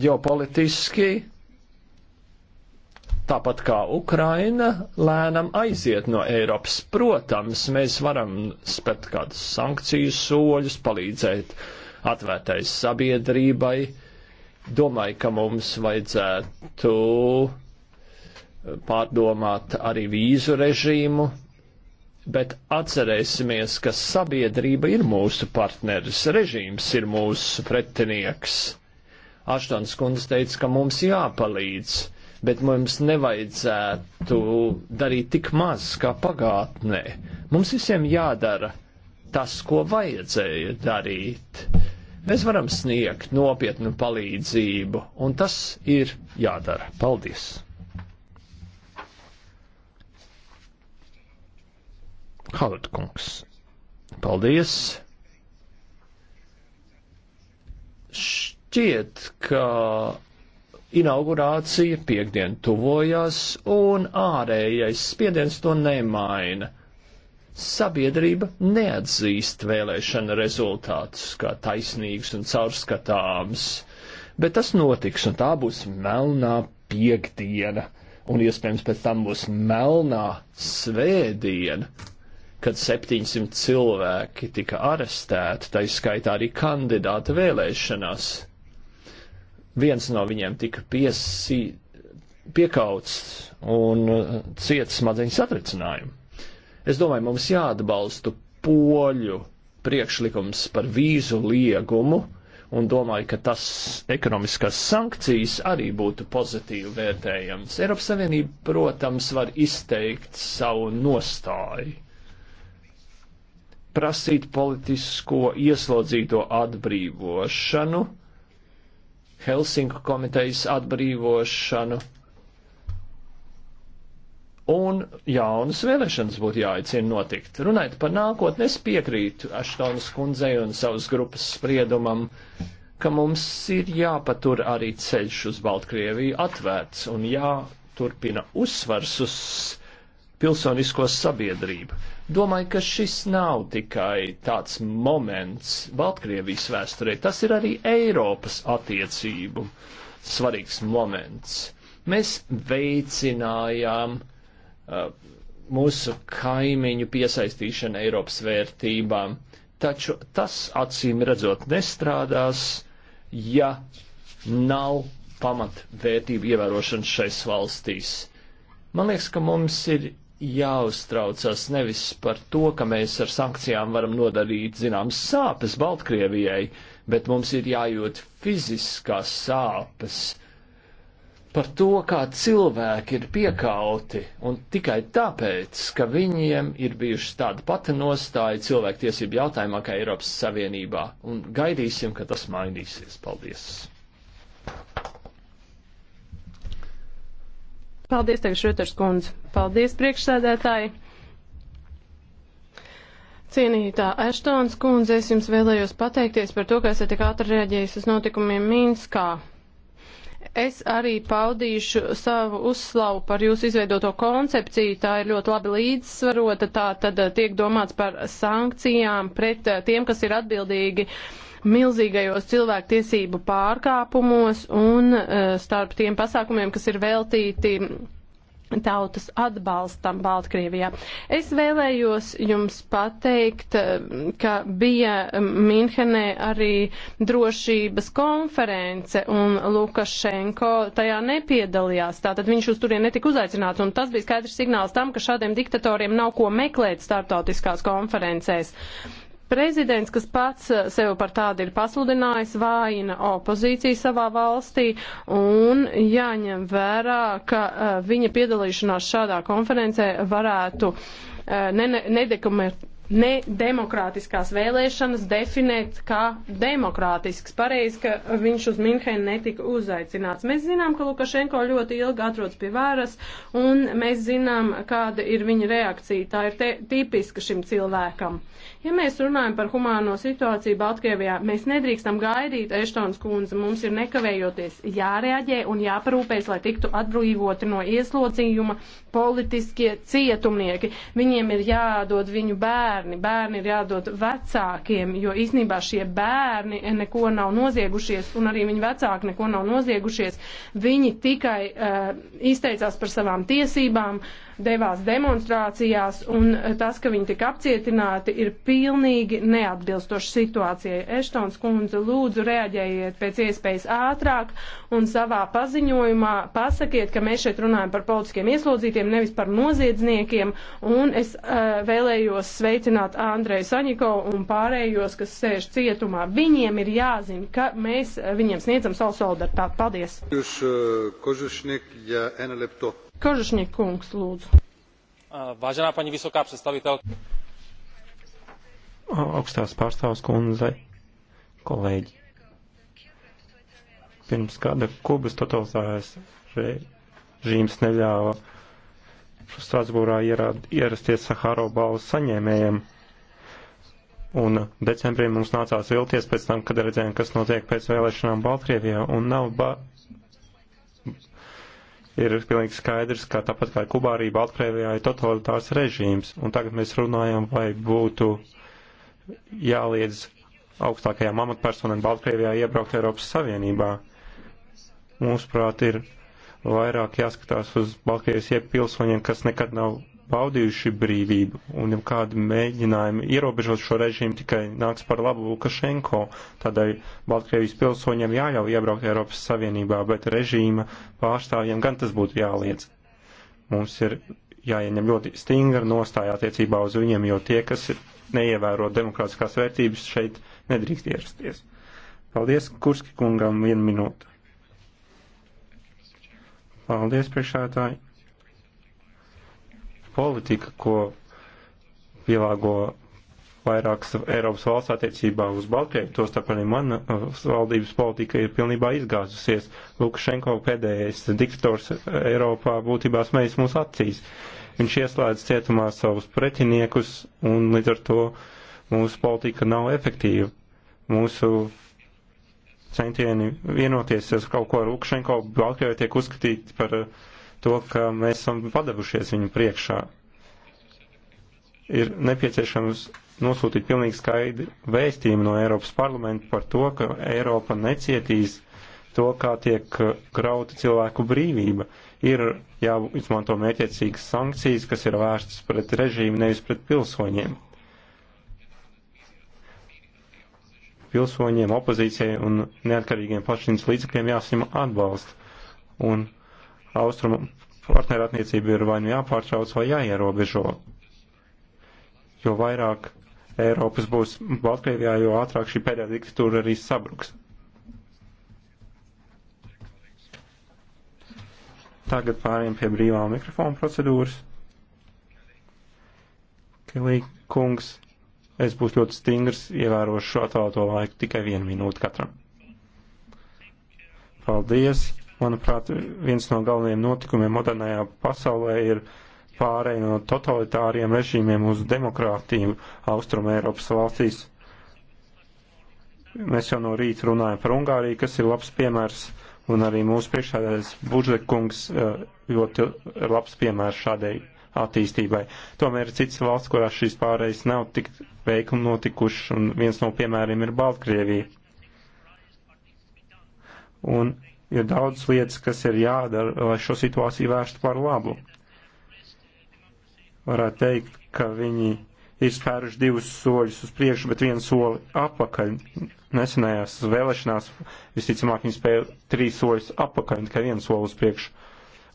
ģeopolitiski, tāpat kā Ukraina, lēnam aiziet no Eiropas. Protams, mēs varam spēt kādus sankciju soļus, palīdzēt atvērtai sabiedrībai. Domāju, ka mums vajadzētu pārdomāt arī vīzu režīmu, bet atcerēsimies, ka sabiedrība ir mūsu partneris, režīms ir mūsu pretinieks. Aštons kundze teica, ka mums jāpalīdz, bet mums nevajadzētu darīt tik maz kā pagātnē. Mums visiem jādara tas, ko vajadzēja darīt. Mēs varam sniegt nopietnu palīdzību, un tas ir jādara. Paldies! Halutkungs. Paldies! Št šķiet, ka inaugurācija piekdien tuvojās un ārējais spiediens to nemaina. Sabiedrība neatzīst vēlēšana rezultātus kā taisnīgus un caurskatāms, bet tas notiks un tā būs melnā piekdiena, un iespējams pēc tam būs melnā svētdiena, kad 700 cilvēki tika arestēti, tā izskaitā arī kandidāta vēlēšanās Viens no viņiem tika piesī, piekauts un uh, cieta smadzeņu satricinājumu. Es domāju, mums jāatbalsta poļu priekšlikums par vīzu liegumu un domāju, ka tas ekonomiskās sankcijas arī būtu pozitīvi vērtējams. Eiropas Savienība, protams, var izteikt savu nostāju, prasīt politisko ieslodzīto atbrīvošanu Helsinku komitejas atbrīvošanu. Un jaunas vēlēšanas būtu jāicina notikt. Runājot par nākotni, es piekrītu Aštonas kundzei un savas grupas spriedumam, ka mums ir jāpatur arī ceļš uz Baltkrieviju atvērts un jāturpina uzsvars uz pilsonisko sabiedrību. Domāju, ka šis nav tikai tāds moments Baltkrievijas vēsturē, tas ir arī Eiropas attiecību svarīgs moments. Mēs veicinājām uh, mūsu kaimiņu piesaistīšanu Eiropas vērtībām, taču tas acīm redzot nestrādās, ja nav pamatvērtību ievērošanas šais valstīs. Man liekas, ka mums ir jāuztraucas nevis par to, ka mēs ar sankcijām varam nodarīt zināmas sāpes Baltkrievijai, bet mums ir jājūt fiziskās sāpes par to, kā cilvēki ir piekauti, un tikai tāpēc, ka viņiem ir bijuši tāda pati nostāja cilvēktiesību jautājumā kā Eiropas Savienībā, un gaidīsim, ka tas mainīsies. Paldies! Paldies, tev, Šruters kundze. Paldies, priekšsēdētāji. Cienītā Eštons kundze, es jums vēlējos pateikties par to, ka esat tik ātri reaģējis uz notikumiem Minskā. Es arī paudīšu savu uzslavu par jūsu izveidoto koncepciju. Tā ir ļoti labi līdzsvarota. Tā tad eh, tiek domāts par sankcijām pret eh, tiem, kas ir atbildīgi uh, milzīgajos cilvēktiesību pārkāpumos un eh, starp tiem pasākumiem, kas ir veltīti tautas atbalstam Baltkrievijā. Es vēlējos jums pateikt, eh, ka bija eh, Minhenē arī drošības konference un Lukašenko tajā nepiedalījās. Tātad viņš uz turien netika uzaicināts un tas bija skaidrs signāls tam, ka šādiem diktatoriem nav ko meklēt startautiskās konferencēs. Prezidents, kas pats eh, sev par tādu ir pasludinājis, vājina opozīciju savā valstī un jāņem vērā, ka uh, viņa piedalīšanās šādā konferencē varētu uh, ne, ne, nedekumēt nedemokrātiskās vēlēšanas definēt kā demokrātisks. Pareizi, ka viņš uz Minhenu netika uzaicināts. Mēs zinām, ka Lukašenko ļoti ilgi atrodas pie varas, un mēs zinām, kāda ir viņa reakcija. Tā ir te, tipiska šim cilvēkam. Uh, Ja mēs runājam par humāno situāciju Baltkrievijā, mēs nedrīkstam gaidīt Eštons kundze. Mums ir nekavējoties jāreaģē un jāparūpēs, lai tiktu atbrīvoti no ieslodzījuma politiskie cietumnieki. Viņiem ir jādod viņu bērni, bērni ir jādod vecākiem, jo īsnībā šie bērni neko nav noziegušies un arī viņu vecāki neko nav noziegušies. Viņi tikai uh, izteicās par savām tiesībām. Uh, devās demonstrācijās, un eh, tas, ka viņi tika apcietināti, ir pilnīgi neatbilstoši situācijai. Eštons kundze, lūdzu, reaģējiet pēc iespējas ātrāk un savā paziņojumā pasakiet, ka mēs šeit runājam par politiskiem ieslodzītiem, nevis par noziedzniekiem, un es uh, vēlējos sveicināt Andreju Saņiko un pārējos, kas sēž cietumā. Viņiem ir jāzina, ka mēs eh, viņiem sniedzam savu solidaritāti. Paldies! Jūs, uh, kožušniek, ja, Kožešņiek kungs, lūdzu. Vāženā paņi visokā predstavitelka. Augstās pārstāvs kundzei, kolēģi. Pirms kāda Kubas totalitārais režīms neļāva Strasbūrā ierasties Sahāro balvu saņēmējiem. Un decembrī mums nācās vilties pēc tam, kad redzējām, kas notiek pēc vēlēšanām Baltkrievijā, un nav ba ir pilnīgi skaidrs, ka tāpat kā Kubā arī Baltkrievijā ir totalitārs režīms, un tagad mēs runājam, vai būtu jāliedz augstākajām amatpersonām Baltkrievijā iebraukt Eiropas Savienībā. Mūsuprāt, ir vairāk jāskatās uz Baltkrievijas iepilsoņiem, kas nekad nav baudījuši brīvību, un jau kādi mēģinājumi ierobežot šo režīmu tikai nāks par labu Lukašenko. Tādēļ Baltkrievijas pilsoņiem jāļauj iebraukt Eiropas Savienībā, bet režīma pārstāvjiem gan tas būtu jāliedz. Mums ir jāieņem ļoti stingra nostāja attiecībā uz viņiem, jo tie, kas neievēro demokrātiskās vērtības, šeit nedrīkst ierasties. Paldies Kurski kungam vienu minūtu. Paldies priekšētāji politika, ko pielāgo vairākas Eiropas valsts attiecībā uz Baltkrieviju, to starp arī mana uh, valdības politika ir pilnībā izgāzusies. Lukašenko pēdējais diktators uh, Eiropā būtībā smējas mūsu acīs. Viņš ieslēdz cietumā savus pretiniekus un līdz ar to mūsu politika nav efektīva. Mūsu centieni vienoties uz kaut ko ar Lukašenko Baltkrieviju tiek uzskatīti par uh, to, ka mēs esam padavušies viņu priekšā. Ir nepieciešams nosūtīt pilnīgi skaidru vēstījumu no Eiropas parlamenta par to, ka Eiropa necietīs to, kā tiek grauta cilvēku brīvība. Ir jāizmanto mērķiecīgas sankcijas, kas ir vērstas pret režīmu, nevis pret pilsoņiem. Pilsoņiem, opozīcijai un neatkarīgiem pašiem līdzekļiem jāsim atbalsts. Un austrumu partnerattiecību ir vai nu jāpārtrauc vai jāierobežo. Jo vairāk Eiropas būs Baltkrievijā, jo ātrāk šī pēdējā diktatūra arī sabruks. Tagad pāriem pie brīvā mikrofona procedūras. Kelī kungs, es būšu ļoti stingrs, ievērošu šo atvēlēto laiku tikai vienu minūti katram. Paldies! Manuprāt, viens no galvenajiem notikumiem modernajā pasaulē ir pārēj no totalitāriem režīmiem uz demokrātiju Austrum Eiropas valstīs. Mēs jau no rīta runājam par Ungāriju, kas ir labs piemērs, un arī mūsu priekšādājs Budžekungs eh, ļoti labs piemērs šādai attīstībai. Tomēr ir cits valsts, kurās šīs pārējas nav tik veikli notikušas, un viens no piemēriem ir Baltkrievija. Un ir daudz lietas, kas ir jādara, lai šo situāciju vērstu par labu. Varētu teikt, ka viņi ir spēruši divus soļus uz priekšu, bet vienu soli apakaļ. Nesenajās vēlēšanās visticamāk viņi spēja trīs soļus apakaļ, tikai vienu soli uz priekšu.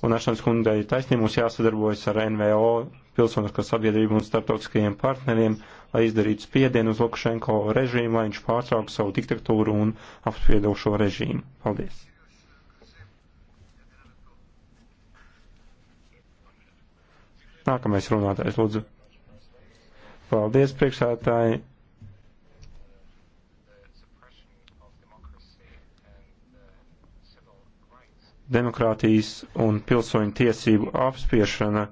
Un Ašanas kundai ir taisnība, mums jāsadarbojas ar NVO, pilsoniskā sabiedrība un starptautiskajiem partneriem, lai izdarītu spiedienu uz Lukašenko režīmu, lai viņš pārtrauktu savu diktatūru un apspiedošo režīmu. Paldies! Nākamais runātājs, lūdzu. Paldies, priekšsētāji. Demokrātijas un pilsoņu tiesību apspiešana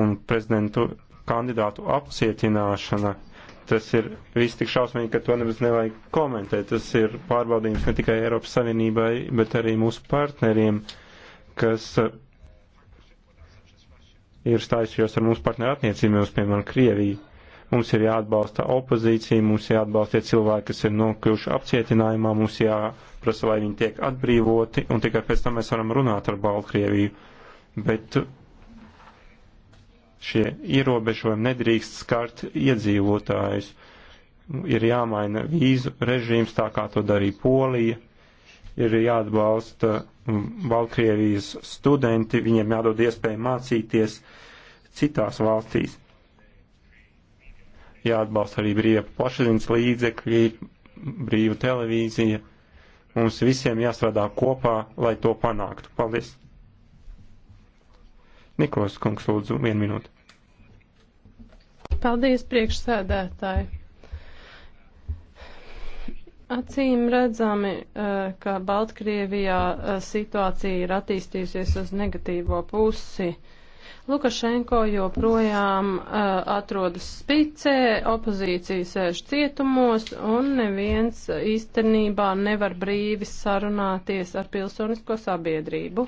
un prezidentu kandidātu apcietināšana. Tas ir viss tik šausmīgi, ka to nemaz nevajag komentēt. Tas ir pārbaudījums ne tikai Eiropas Savienībai, bet arī mūsu partneriem, kas ir stājusies ar mūsu partneru attiecībos, piemēram, Krieviju. Mums ir jāatbalsta opozīcija, mums jāatbalsta tie cilvēki, kas ir nokļuvuši apcietinājumā, mums jāprasa, lai viņi tiek atbrīvoti, un tikai pēc tam mēs varam runāt ar Baltkrieviju. Bet šie ierobežojumi nedrīkst skart iedzīvotājus. Ir jāmaina vīzu režīms, tā kā to darīja Polija, ir jāatbalsta Mm, Baltkrievijas studenti, viņiem jādod iespēja mācīties citās valstīs. Jāatbalsta arī brīva plašsaziņas līdzekļi, brīva televīzija. Mums visiem jāstrādā kopā, lai to panāktu. Paldies! Nikos Kungs, lūdzu, vienu minūti. Paldies, priekšsēdētāji! Acīm redzami, eh, ka Baltkrievijā eh, situācija ir attīstījusies uz negatīvo pusi. Lukašenko joprojām eh, atrodas spicē, opozīcija sēž cietumos un neviens īstenībā nevar brīvi sarunāties ar pilsonisko sabiedrību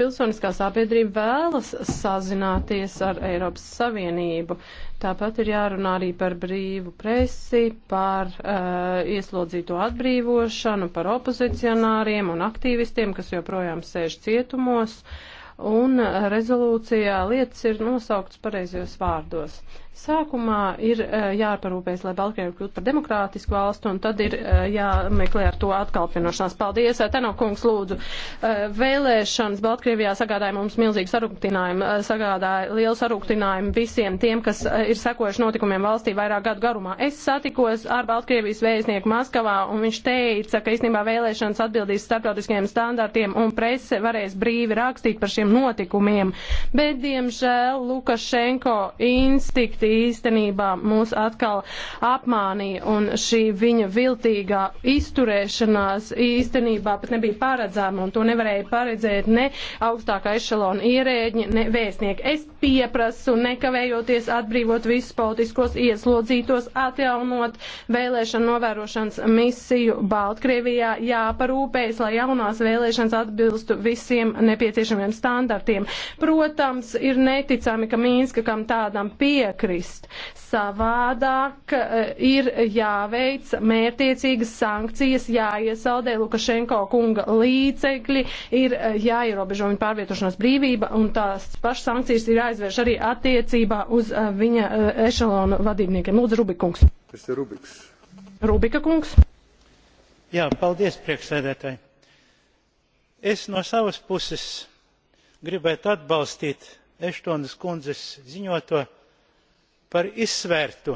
pilsoniskā sabiedrība vēlas sazināties ar Eiropas Savienību. Tāpat ir jārunā arī par brīvu presi, par uh, ieslodzīto atbrīvošanu, par opozicionāriem un aktīvistiem, kas joprojām sēž cietumos. Uh, un rezolūcijā lietas ir nosauktas pareizajos vārdos. Sākumā ir e, jāparūpēs, lai Baltkrievija kļūtu par demokrātisku valstu, un tad ir e, jāmeklē ar to atkalpinošanās. Paldies, Teno kungs, lūdzu. E, vēlēšanas Baltkrievijā sagādāja mums milzīgu sarūktinājumu, sagādāja lielu sarūktinājumu visiem tiem, kas ir sekojuši notikumiem valstī vairāk gadu garumā. Es satikos ar Baltkrievijas vēstnieku Maskavā, un viņš teica, ka īstenībā vēlēšanas atbildīs starptautiskiem standartiem, un prese varēs brīvi rakstīt par šiem notikumiem. Bet, diemžēl, Lukašenko instinkti īstenībā mūs atkal apmānīja, un šī viņa viltīgā izturēšanās īstenībā pat nebija paredzama, un to nevarēja paredzēt ne augstākā ešalona ierēģi, ne vēstnieki. Es pieprasu nekavējoties atbrīvot visus politiskos ieslodzītos, atjaunot vēlēšanu novērošanas misiju Baltkrievijā, jāparūpējas, lai jaunās vēlēšanas atbilstu visiem nepieciešamiem standartiem standartiem. Protams, ir neticami, ka Mīnska kam tādam piekrist. Savādāk eh, ir jāveic mērtiecīgas sankcijas, jāiesaldē Lukašenko kunga līdzekļi, ir eh, jāierobežo viņa pārvietošanās brīvība un tās pašas sankcijas ir jāizvērš arī attiecībā uz eh, viņa ešalonu vadībniekiem. Lūdzu, Rubikungs. Rubiks. Rubika kungs. Jā, paldies priekšsēdētāji. Es no savas puses gribētu atbalstīt ashtonas kundzes ziņoto par izsvērtu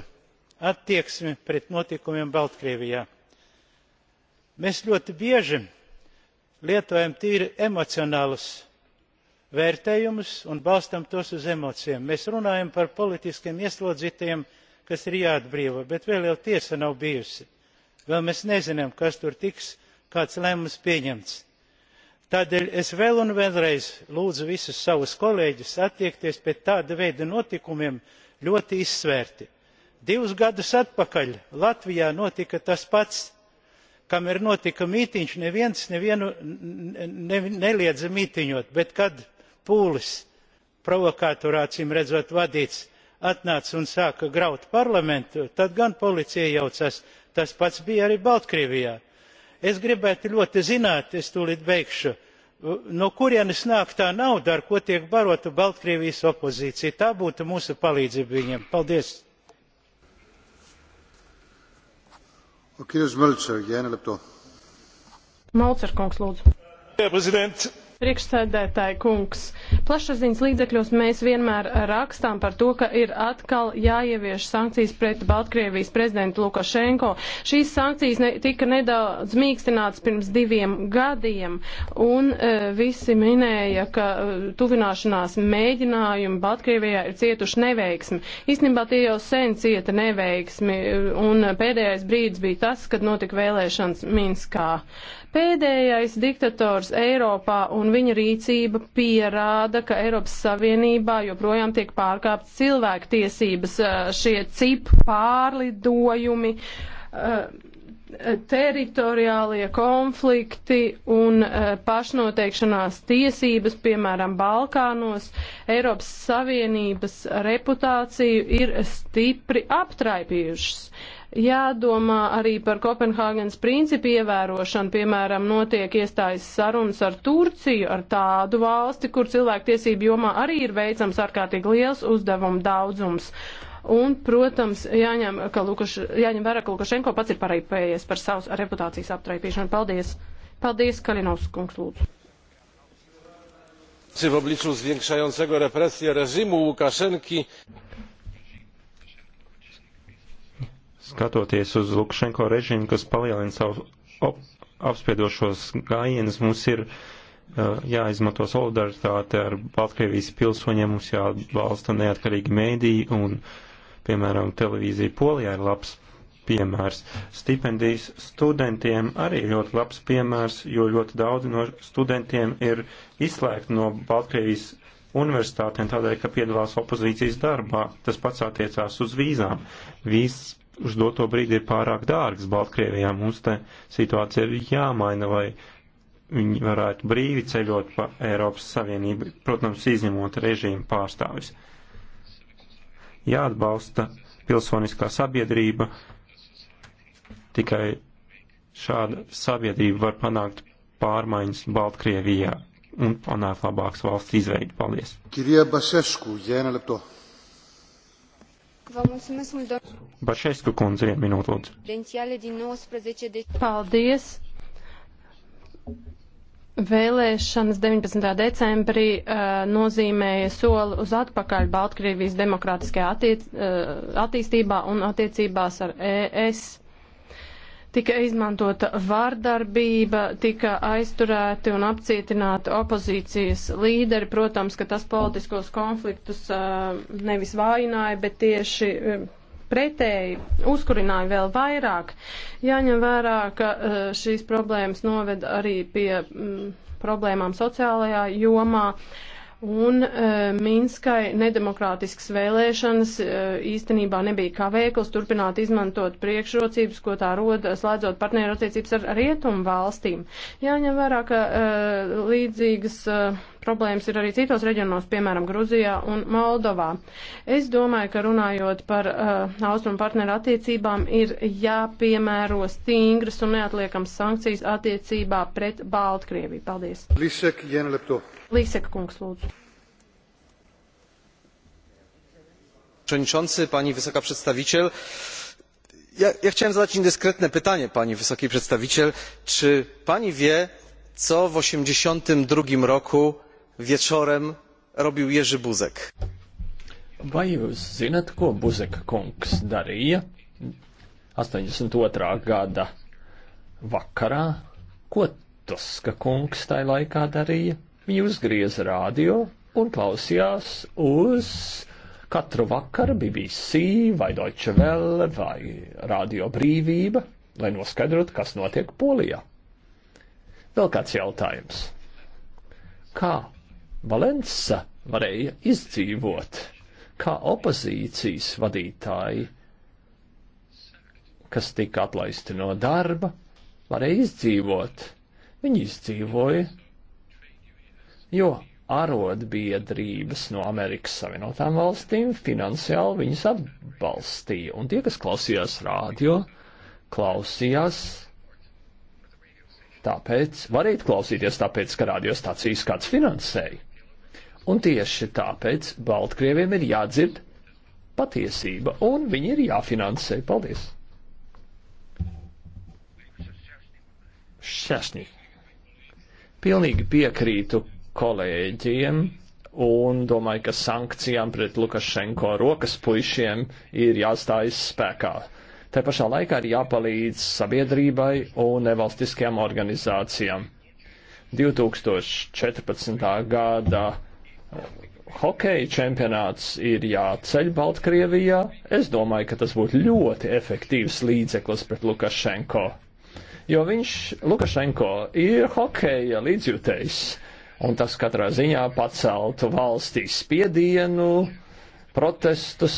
attieksmi pret notikumiem baltkrievijā. mēs ļoti bieži lietojam tīri emocionālus vērtējumus un balstām tos uz emocijām. mēs runājam par politiskiem ieslodzītajiem kas ir jāatbrīvo bet vēl jau tiesa nav bijusi vēl mēs nezinām kas tur tiks kāds lēmums pieņemts tādēļ es vēl un vēlreiz lūdzu visus savus kolēģus attiekties pret tāda veida notikumiem ļoti izsvērti. divus gadus atpakaļ latvijā notika tas pats. kamēr notika mītiņš neviens nevienu ne, neliedza mītiņot bet kad pūlis provokatora acīm redzot vadīts atnāca un sāka graut parlamentu tad gan policija jaucās. tas pats bija arī baltkrievijā es gribētu ļoti zināt es tūlīt beigšu no kurienes nāk tā nauda ar ko tiek barota baltkrievijas opozīcija? tā būtu mūsu palīdzība viņiem. paldies! herr präsident! Priekšsēdētāji kungs, plašsaziņas līdzekļos mēs vienmēr rakstām par to, ka ir atkal jāievieš sankcijas pret Baltkrievijas prezidentu Lukašenko. Šīs sankcijas ne, tika nedaudz mīkstināts pirms diviem gadiem, un e, visi minēja, ka e, tuvināšanās mēģinājumi Baltkrievijā ir cietuši neveiksmi. Īstenībā tie jau sen cieta neveiksmi, e, un pēdējais brīdis bija tas, kad notika vēlēšanas Minskā. Pēdējais diktators Eiropā un viņa rīcība pierāda, ka Eiropas Savienībā joprojām tiek pārkāptas cilvēktiesības, šie cip pārlidojumi. Uh, teritoriālie konflikti un uh, pašnoteikšanās tiesības, piemēram, Balkānos, Eiropas Savienības reputāciju ir stipri aptraipījušas. Jādomā arī par Kopenhāgenes principu ievērošanu, piemēram, notiek iestājas sarunas ar Turciju, ar tādu valsti, kur cilvēktiesību jomā arī ir veicams ārkārtīgi liels uzdevumu daudzums. Un, protams, jāņem, ka Lukaš, jāņem vērā, ka Lukašenko pats ir pareipējies par savas reputācijas aptraipīšanu. Paldies! Paldies, Kalinovs kungs, lūdzu! W obliczu zwiększającego represję reżimu Łukaszenki Skatoties uz Lukašenko režīmu, kas palielina savu op, apspiedošos gājienus, mums ir uh, jāizmanto solidaritāte ar Baltkrievijas pilsoņiem, mums jāatbalsta neatkarīgi mēdīji un, piemēram, televīzija Polijā ir labs piemērs. Stipendijas studentiem arī ļoti labs piemērs, jo ļoti daudzi no studentiem ir izslēgti no Baltkrievijas universitātēm tādēļ, ka piedalās opozīcijas darbā. Tas pats attiecās uz vīzām. Vīzas uz doto brīdi ir pārāk dārgs Baltkrievijā. Mums te situācija ir jāmaina, lai viņi varētu brīvi ceļot pa Eiropas Savienību, protams, izņemot režīmu pārstāvis. Jāatbalsta pilsoniskā sabiedrība, tikai šāda sabiedrība var panākt pārmaiņas Baltkrievijā un panākt labāks valsts izveidi. Paldies! Kirija Basesku, Jēna Lepto. Vă mulțumesc mult, domnule. Bașescu kundze, vienu minūtu lūdzu. Prezidențiale din 19 de... Paldies. Vēlēšanas 19. decembrī uh, nozīmēja soli uz atpakaļ Baltkrievijas demokrātiskajā attiec, uh, attīstībā un attiecībās ar ES tika izmantota vārdarbība, tika aizturēti un apcietināti opozīcijas līderi. Protams, ka tas politiskos konfliktus nevis vājināja, bet tieši pretēji uzkurināja vēl vairāk. Jāņem vērā, ka šīs problēmas noved arī pie problēmām sociālajā jomā. Uh, un uh, Minskai nedemokrātiskas vēlēšanas uh, īstenībā nebija kā veikls turpināt izmantot priekšrocības, ko tā roda, slēdzot partneru attiecības ar rietumu valstīm. Jāņem vērā, ka uh, līdzīgas uh, problēmas ir arī citos reģionos, piemēram, Gruzijā un Moldovā. Es domāju, ka runājot par uh, austrumu partneru attiecībām, ir jāpiemēro stingras un neatliekams sankcijas attiecībā pret Baltkrieviju. Paldies! Lisek, Jenlepto. Līseka kungs, lūdzu. Przewodniczący, pani wysoka przedstawiciel. Ja, ja chciałem zadać indyskretne pytanie pani wysokiej przedstawiciel. Czy pani wie, co w 1982 roku wieczorem robił Jerzy Buzek? Vai jūs zinat, ko Buzeka kungs darīja 82. gada vakarā? Ko Tuska kungs tajā laikā darīja? Viņi uzgrieza rādio un klausījās uz katru vakaru BBC vai Deutsche Welle vai Radio Brīvība, lai noskaidrotu, kas notiek Polijā. Vēl kāds jautājums. Kā Valensa varēja izdzīvot, kā opozīcijas vadītāji, kas tika atlaisti no darba, varēja izdzīvot? Viņi izdzīvoja jo arotbiedrības no Amerikas Savienotām valstīm finansiāli viņus atbalstīja, un tie, kas klausījās rādio, klausījās tāpēc, varēja klausīties tāpēc, ka radiostacijas kāds finansēja. Un tieši tāpēc Baltkrieviem ir jādzird patiesība, un viņi ir jāfinansē. Paldies! Šešņi. Pilnīgi piekrītu kolēģiem un domāju, ka sankcijām pret Lukašenko rokas puišiem ir jāstājas spēkā. Te pašā laikā ir jāpalīdz sabiedrībai un nevalstiskajām organizācijām. 2014. gada hokeja čempionāts ir jāceļ Baltkrievijā. Es domāju, ka tas būtu ļoti efektīvs līdzeklis pret Lukašenko. Jo viņš, Lukašenko, ir hokeja līdzjutējs un tas katrā ziņā paceltu valstī spiedienu, protestus.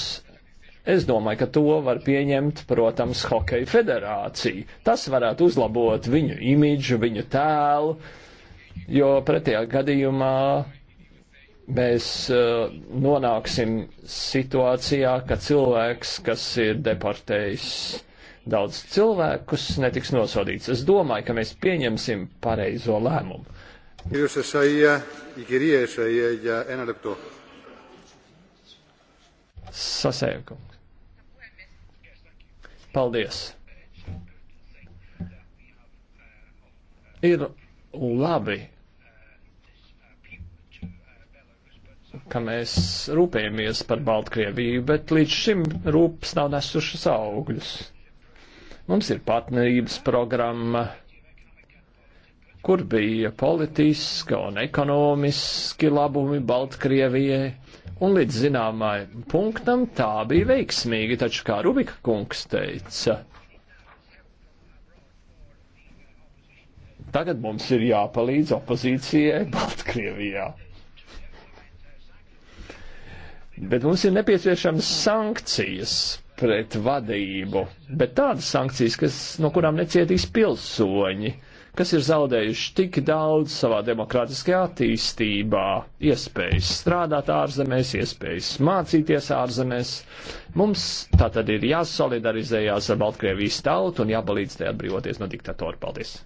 Es domāju, ka to var pieņemt, protams, Hokeja federācija. Tas varētu uzlabot viņu imidžu, viņu tēlu, jo pretējā gadījumā mēs uh, nonāksim situācijā, ka cilvēks, kas ir deportējis daudz cilvēkus, netiks nosodīts. Es domāju, ka mēs pieņemsim pareizo lēmumu. Κύριος Εσαΐα, η κυρία Εσαΐα για ένα λεπτό. Sasēvku. Paldies. Ir labi, ka mēs rūpējamies par Baltkrieviju, bet līdz šim rūpes nav nesušas augļus. Mums ir partnerības programma kur bija politiska un ekonomiski labumi Baltkrievijai, un līdz zināmai punktam tā bija veiksmīgi, taču kā Rubika kungs teica, tagad mums ir jāpalīdz opozīcijai Baltkrievijā. Bet mums ir nepieciešams sankcijas pret vadību, bet tādas sankcijas, kas, no kurām necietīs pilsoņi kas ir zaudējuši tik daudz savā demokrātiskajā attīstībā, iespējas strādāt ārzemēs, iespējas mācīties ārzemēs. Mums tā tad ir jāsolidarizējās ar Baltkrievijas tautu un jāpalīdz tai atbrīvoties no diktatora. Paldies!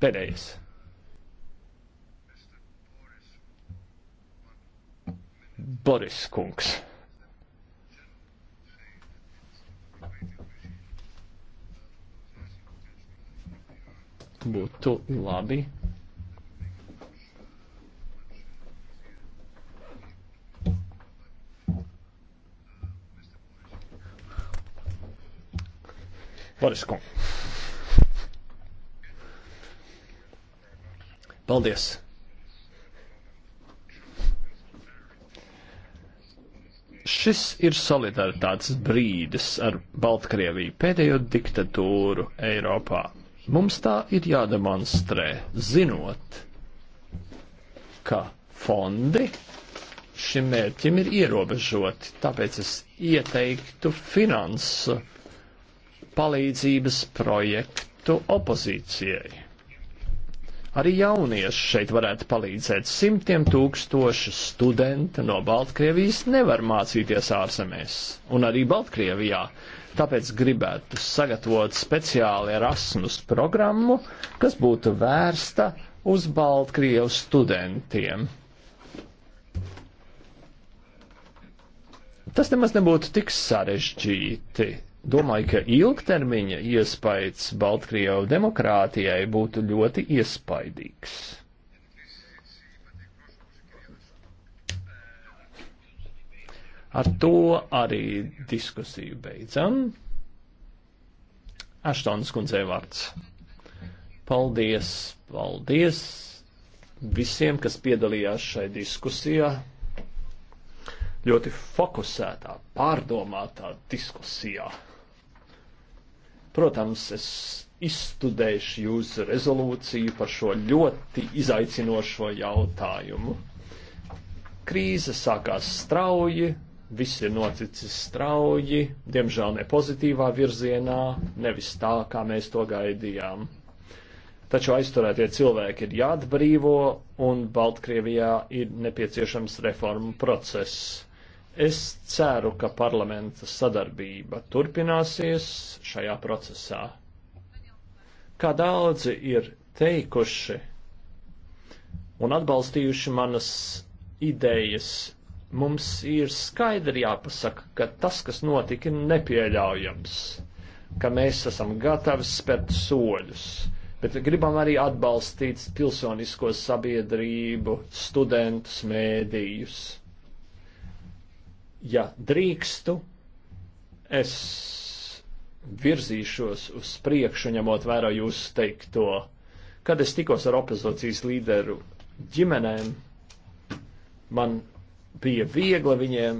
Pēdējais. Boris Kungs. būtu labi. Varisko. Paldies! Šis ir solidaritātes brīdis ar Baltkrieviju, pēdējo diktatūru Eiropā. Mums tā ir jādemonstrē, zinot, ka fondi šim mērķim ir ierobežoti, tāpēc es ieteiktu finansu palīdzības projektu opozīcijai. Arī jaunieši šeit varētu palīdzēt. Simtiem tūkstoši studenti no Baltkrievijas nevar mācīties ārzemēs, un arī Baltkrievijā Tāpēc gribētu sagatavot speciāli Erasmus programmu, kas būtu vērsta uz Baltkrievu studentiem. Tas nemaz nebūtu tik sarežģīti. Domāju, ka ilgtermiņa iespējas Baltkrievu demokrātijai būtu ļoti iespaidīgs. Ar to arī diskusiju beidzam. Aštons kundzei vārds. Paldies, paldies visiem, kas piedalījās šai diskusijā. Ļoti fokusētā, pārdomātā diskusijā. Protams, es izstudēšu jūsu rezolūciju par šo ļoti izaicinošo jautājumu. Krīze sākās strauji, Viss ir noticis strauji, diemžēl ne pozitīvā virzienā, nevis tā, kā mēs to gaidījām. Taču aizturētie cilvēki ir jāatbrīvo, un Baltkrievijā ir nepieciešams reformu process. Es ceru, ka parlamenta sadarbība turpināsies šajā procesā. Kā daudzi ir teikuši un atbalstījuši manas idejas Mums ir skaidri jāpasaka, ka tas, kas notika, ir nepieļaujams, ka mēs esam gatavi spērt soļus, bet gribam arī atbalstīt pilsonisko sabiedrību, studentus, mēdījus. Ja drīkstu, es virzīšos uz priekšu, ņemot vērā jūsu teikto. Kad es tikos ar opozīcijas līderu ģimenēm, man bija viegli viņiem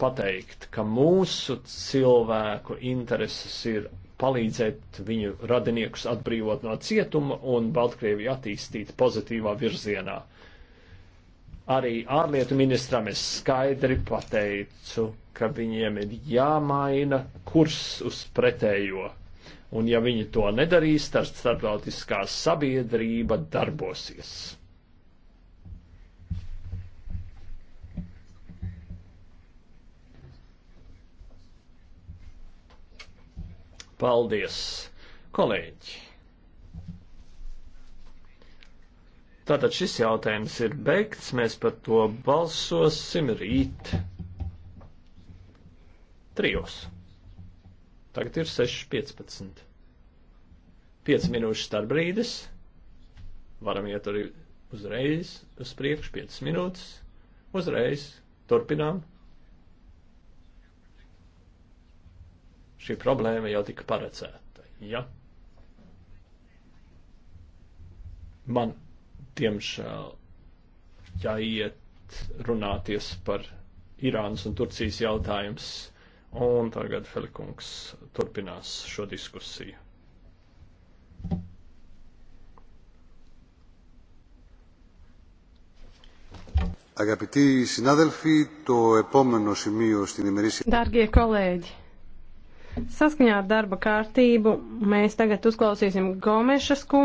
pateikt, ka mūsu cilvēku intereses ir palīdzēt viņu radiniekus atbrīvot no cietuma un Baltkrieviju attīstīt pozitīvā virzienā. Arī ārlietu ministram es skaidri pateicu, ka viņiem ir jāmaina kurs uz pretējo, un ja viņi to nedarīs, tad starptautiskā sabiedrība darbosies. Paldies, kolēģi! Tātad šis jautājums ir beigts, mēs par to balsosim rīt trijos. Tagad ir 6.15. 5 minūšu starpbrīdis. Varam iet arī uzreiz uz priekšu 5 minūtes. Uzreiz turpinām. šī problēma jau tika paredzēta. Ja? Man, diemžēl, jāiet runāties par Irānas un Turcijas jautājums, un tagad Felikungs turpinās šo diskusiju. Αγαπητοί συνάδελφοι, το επόμενο σημείο στην ημερήσια... Δάργιε κολέγι. Saskaņā ar darba kārtību mēs tagad uzklausīsim Gomešas kungu.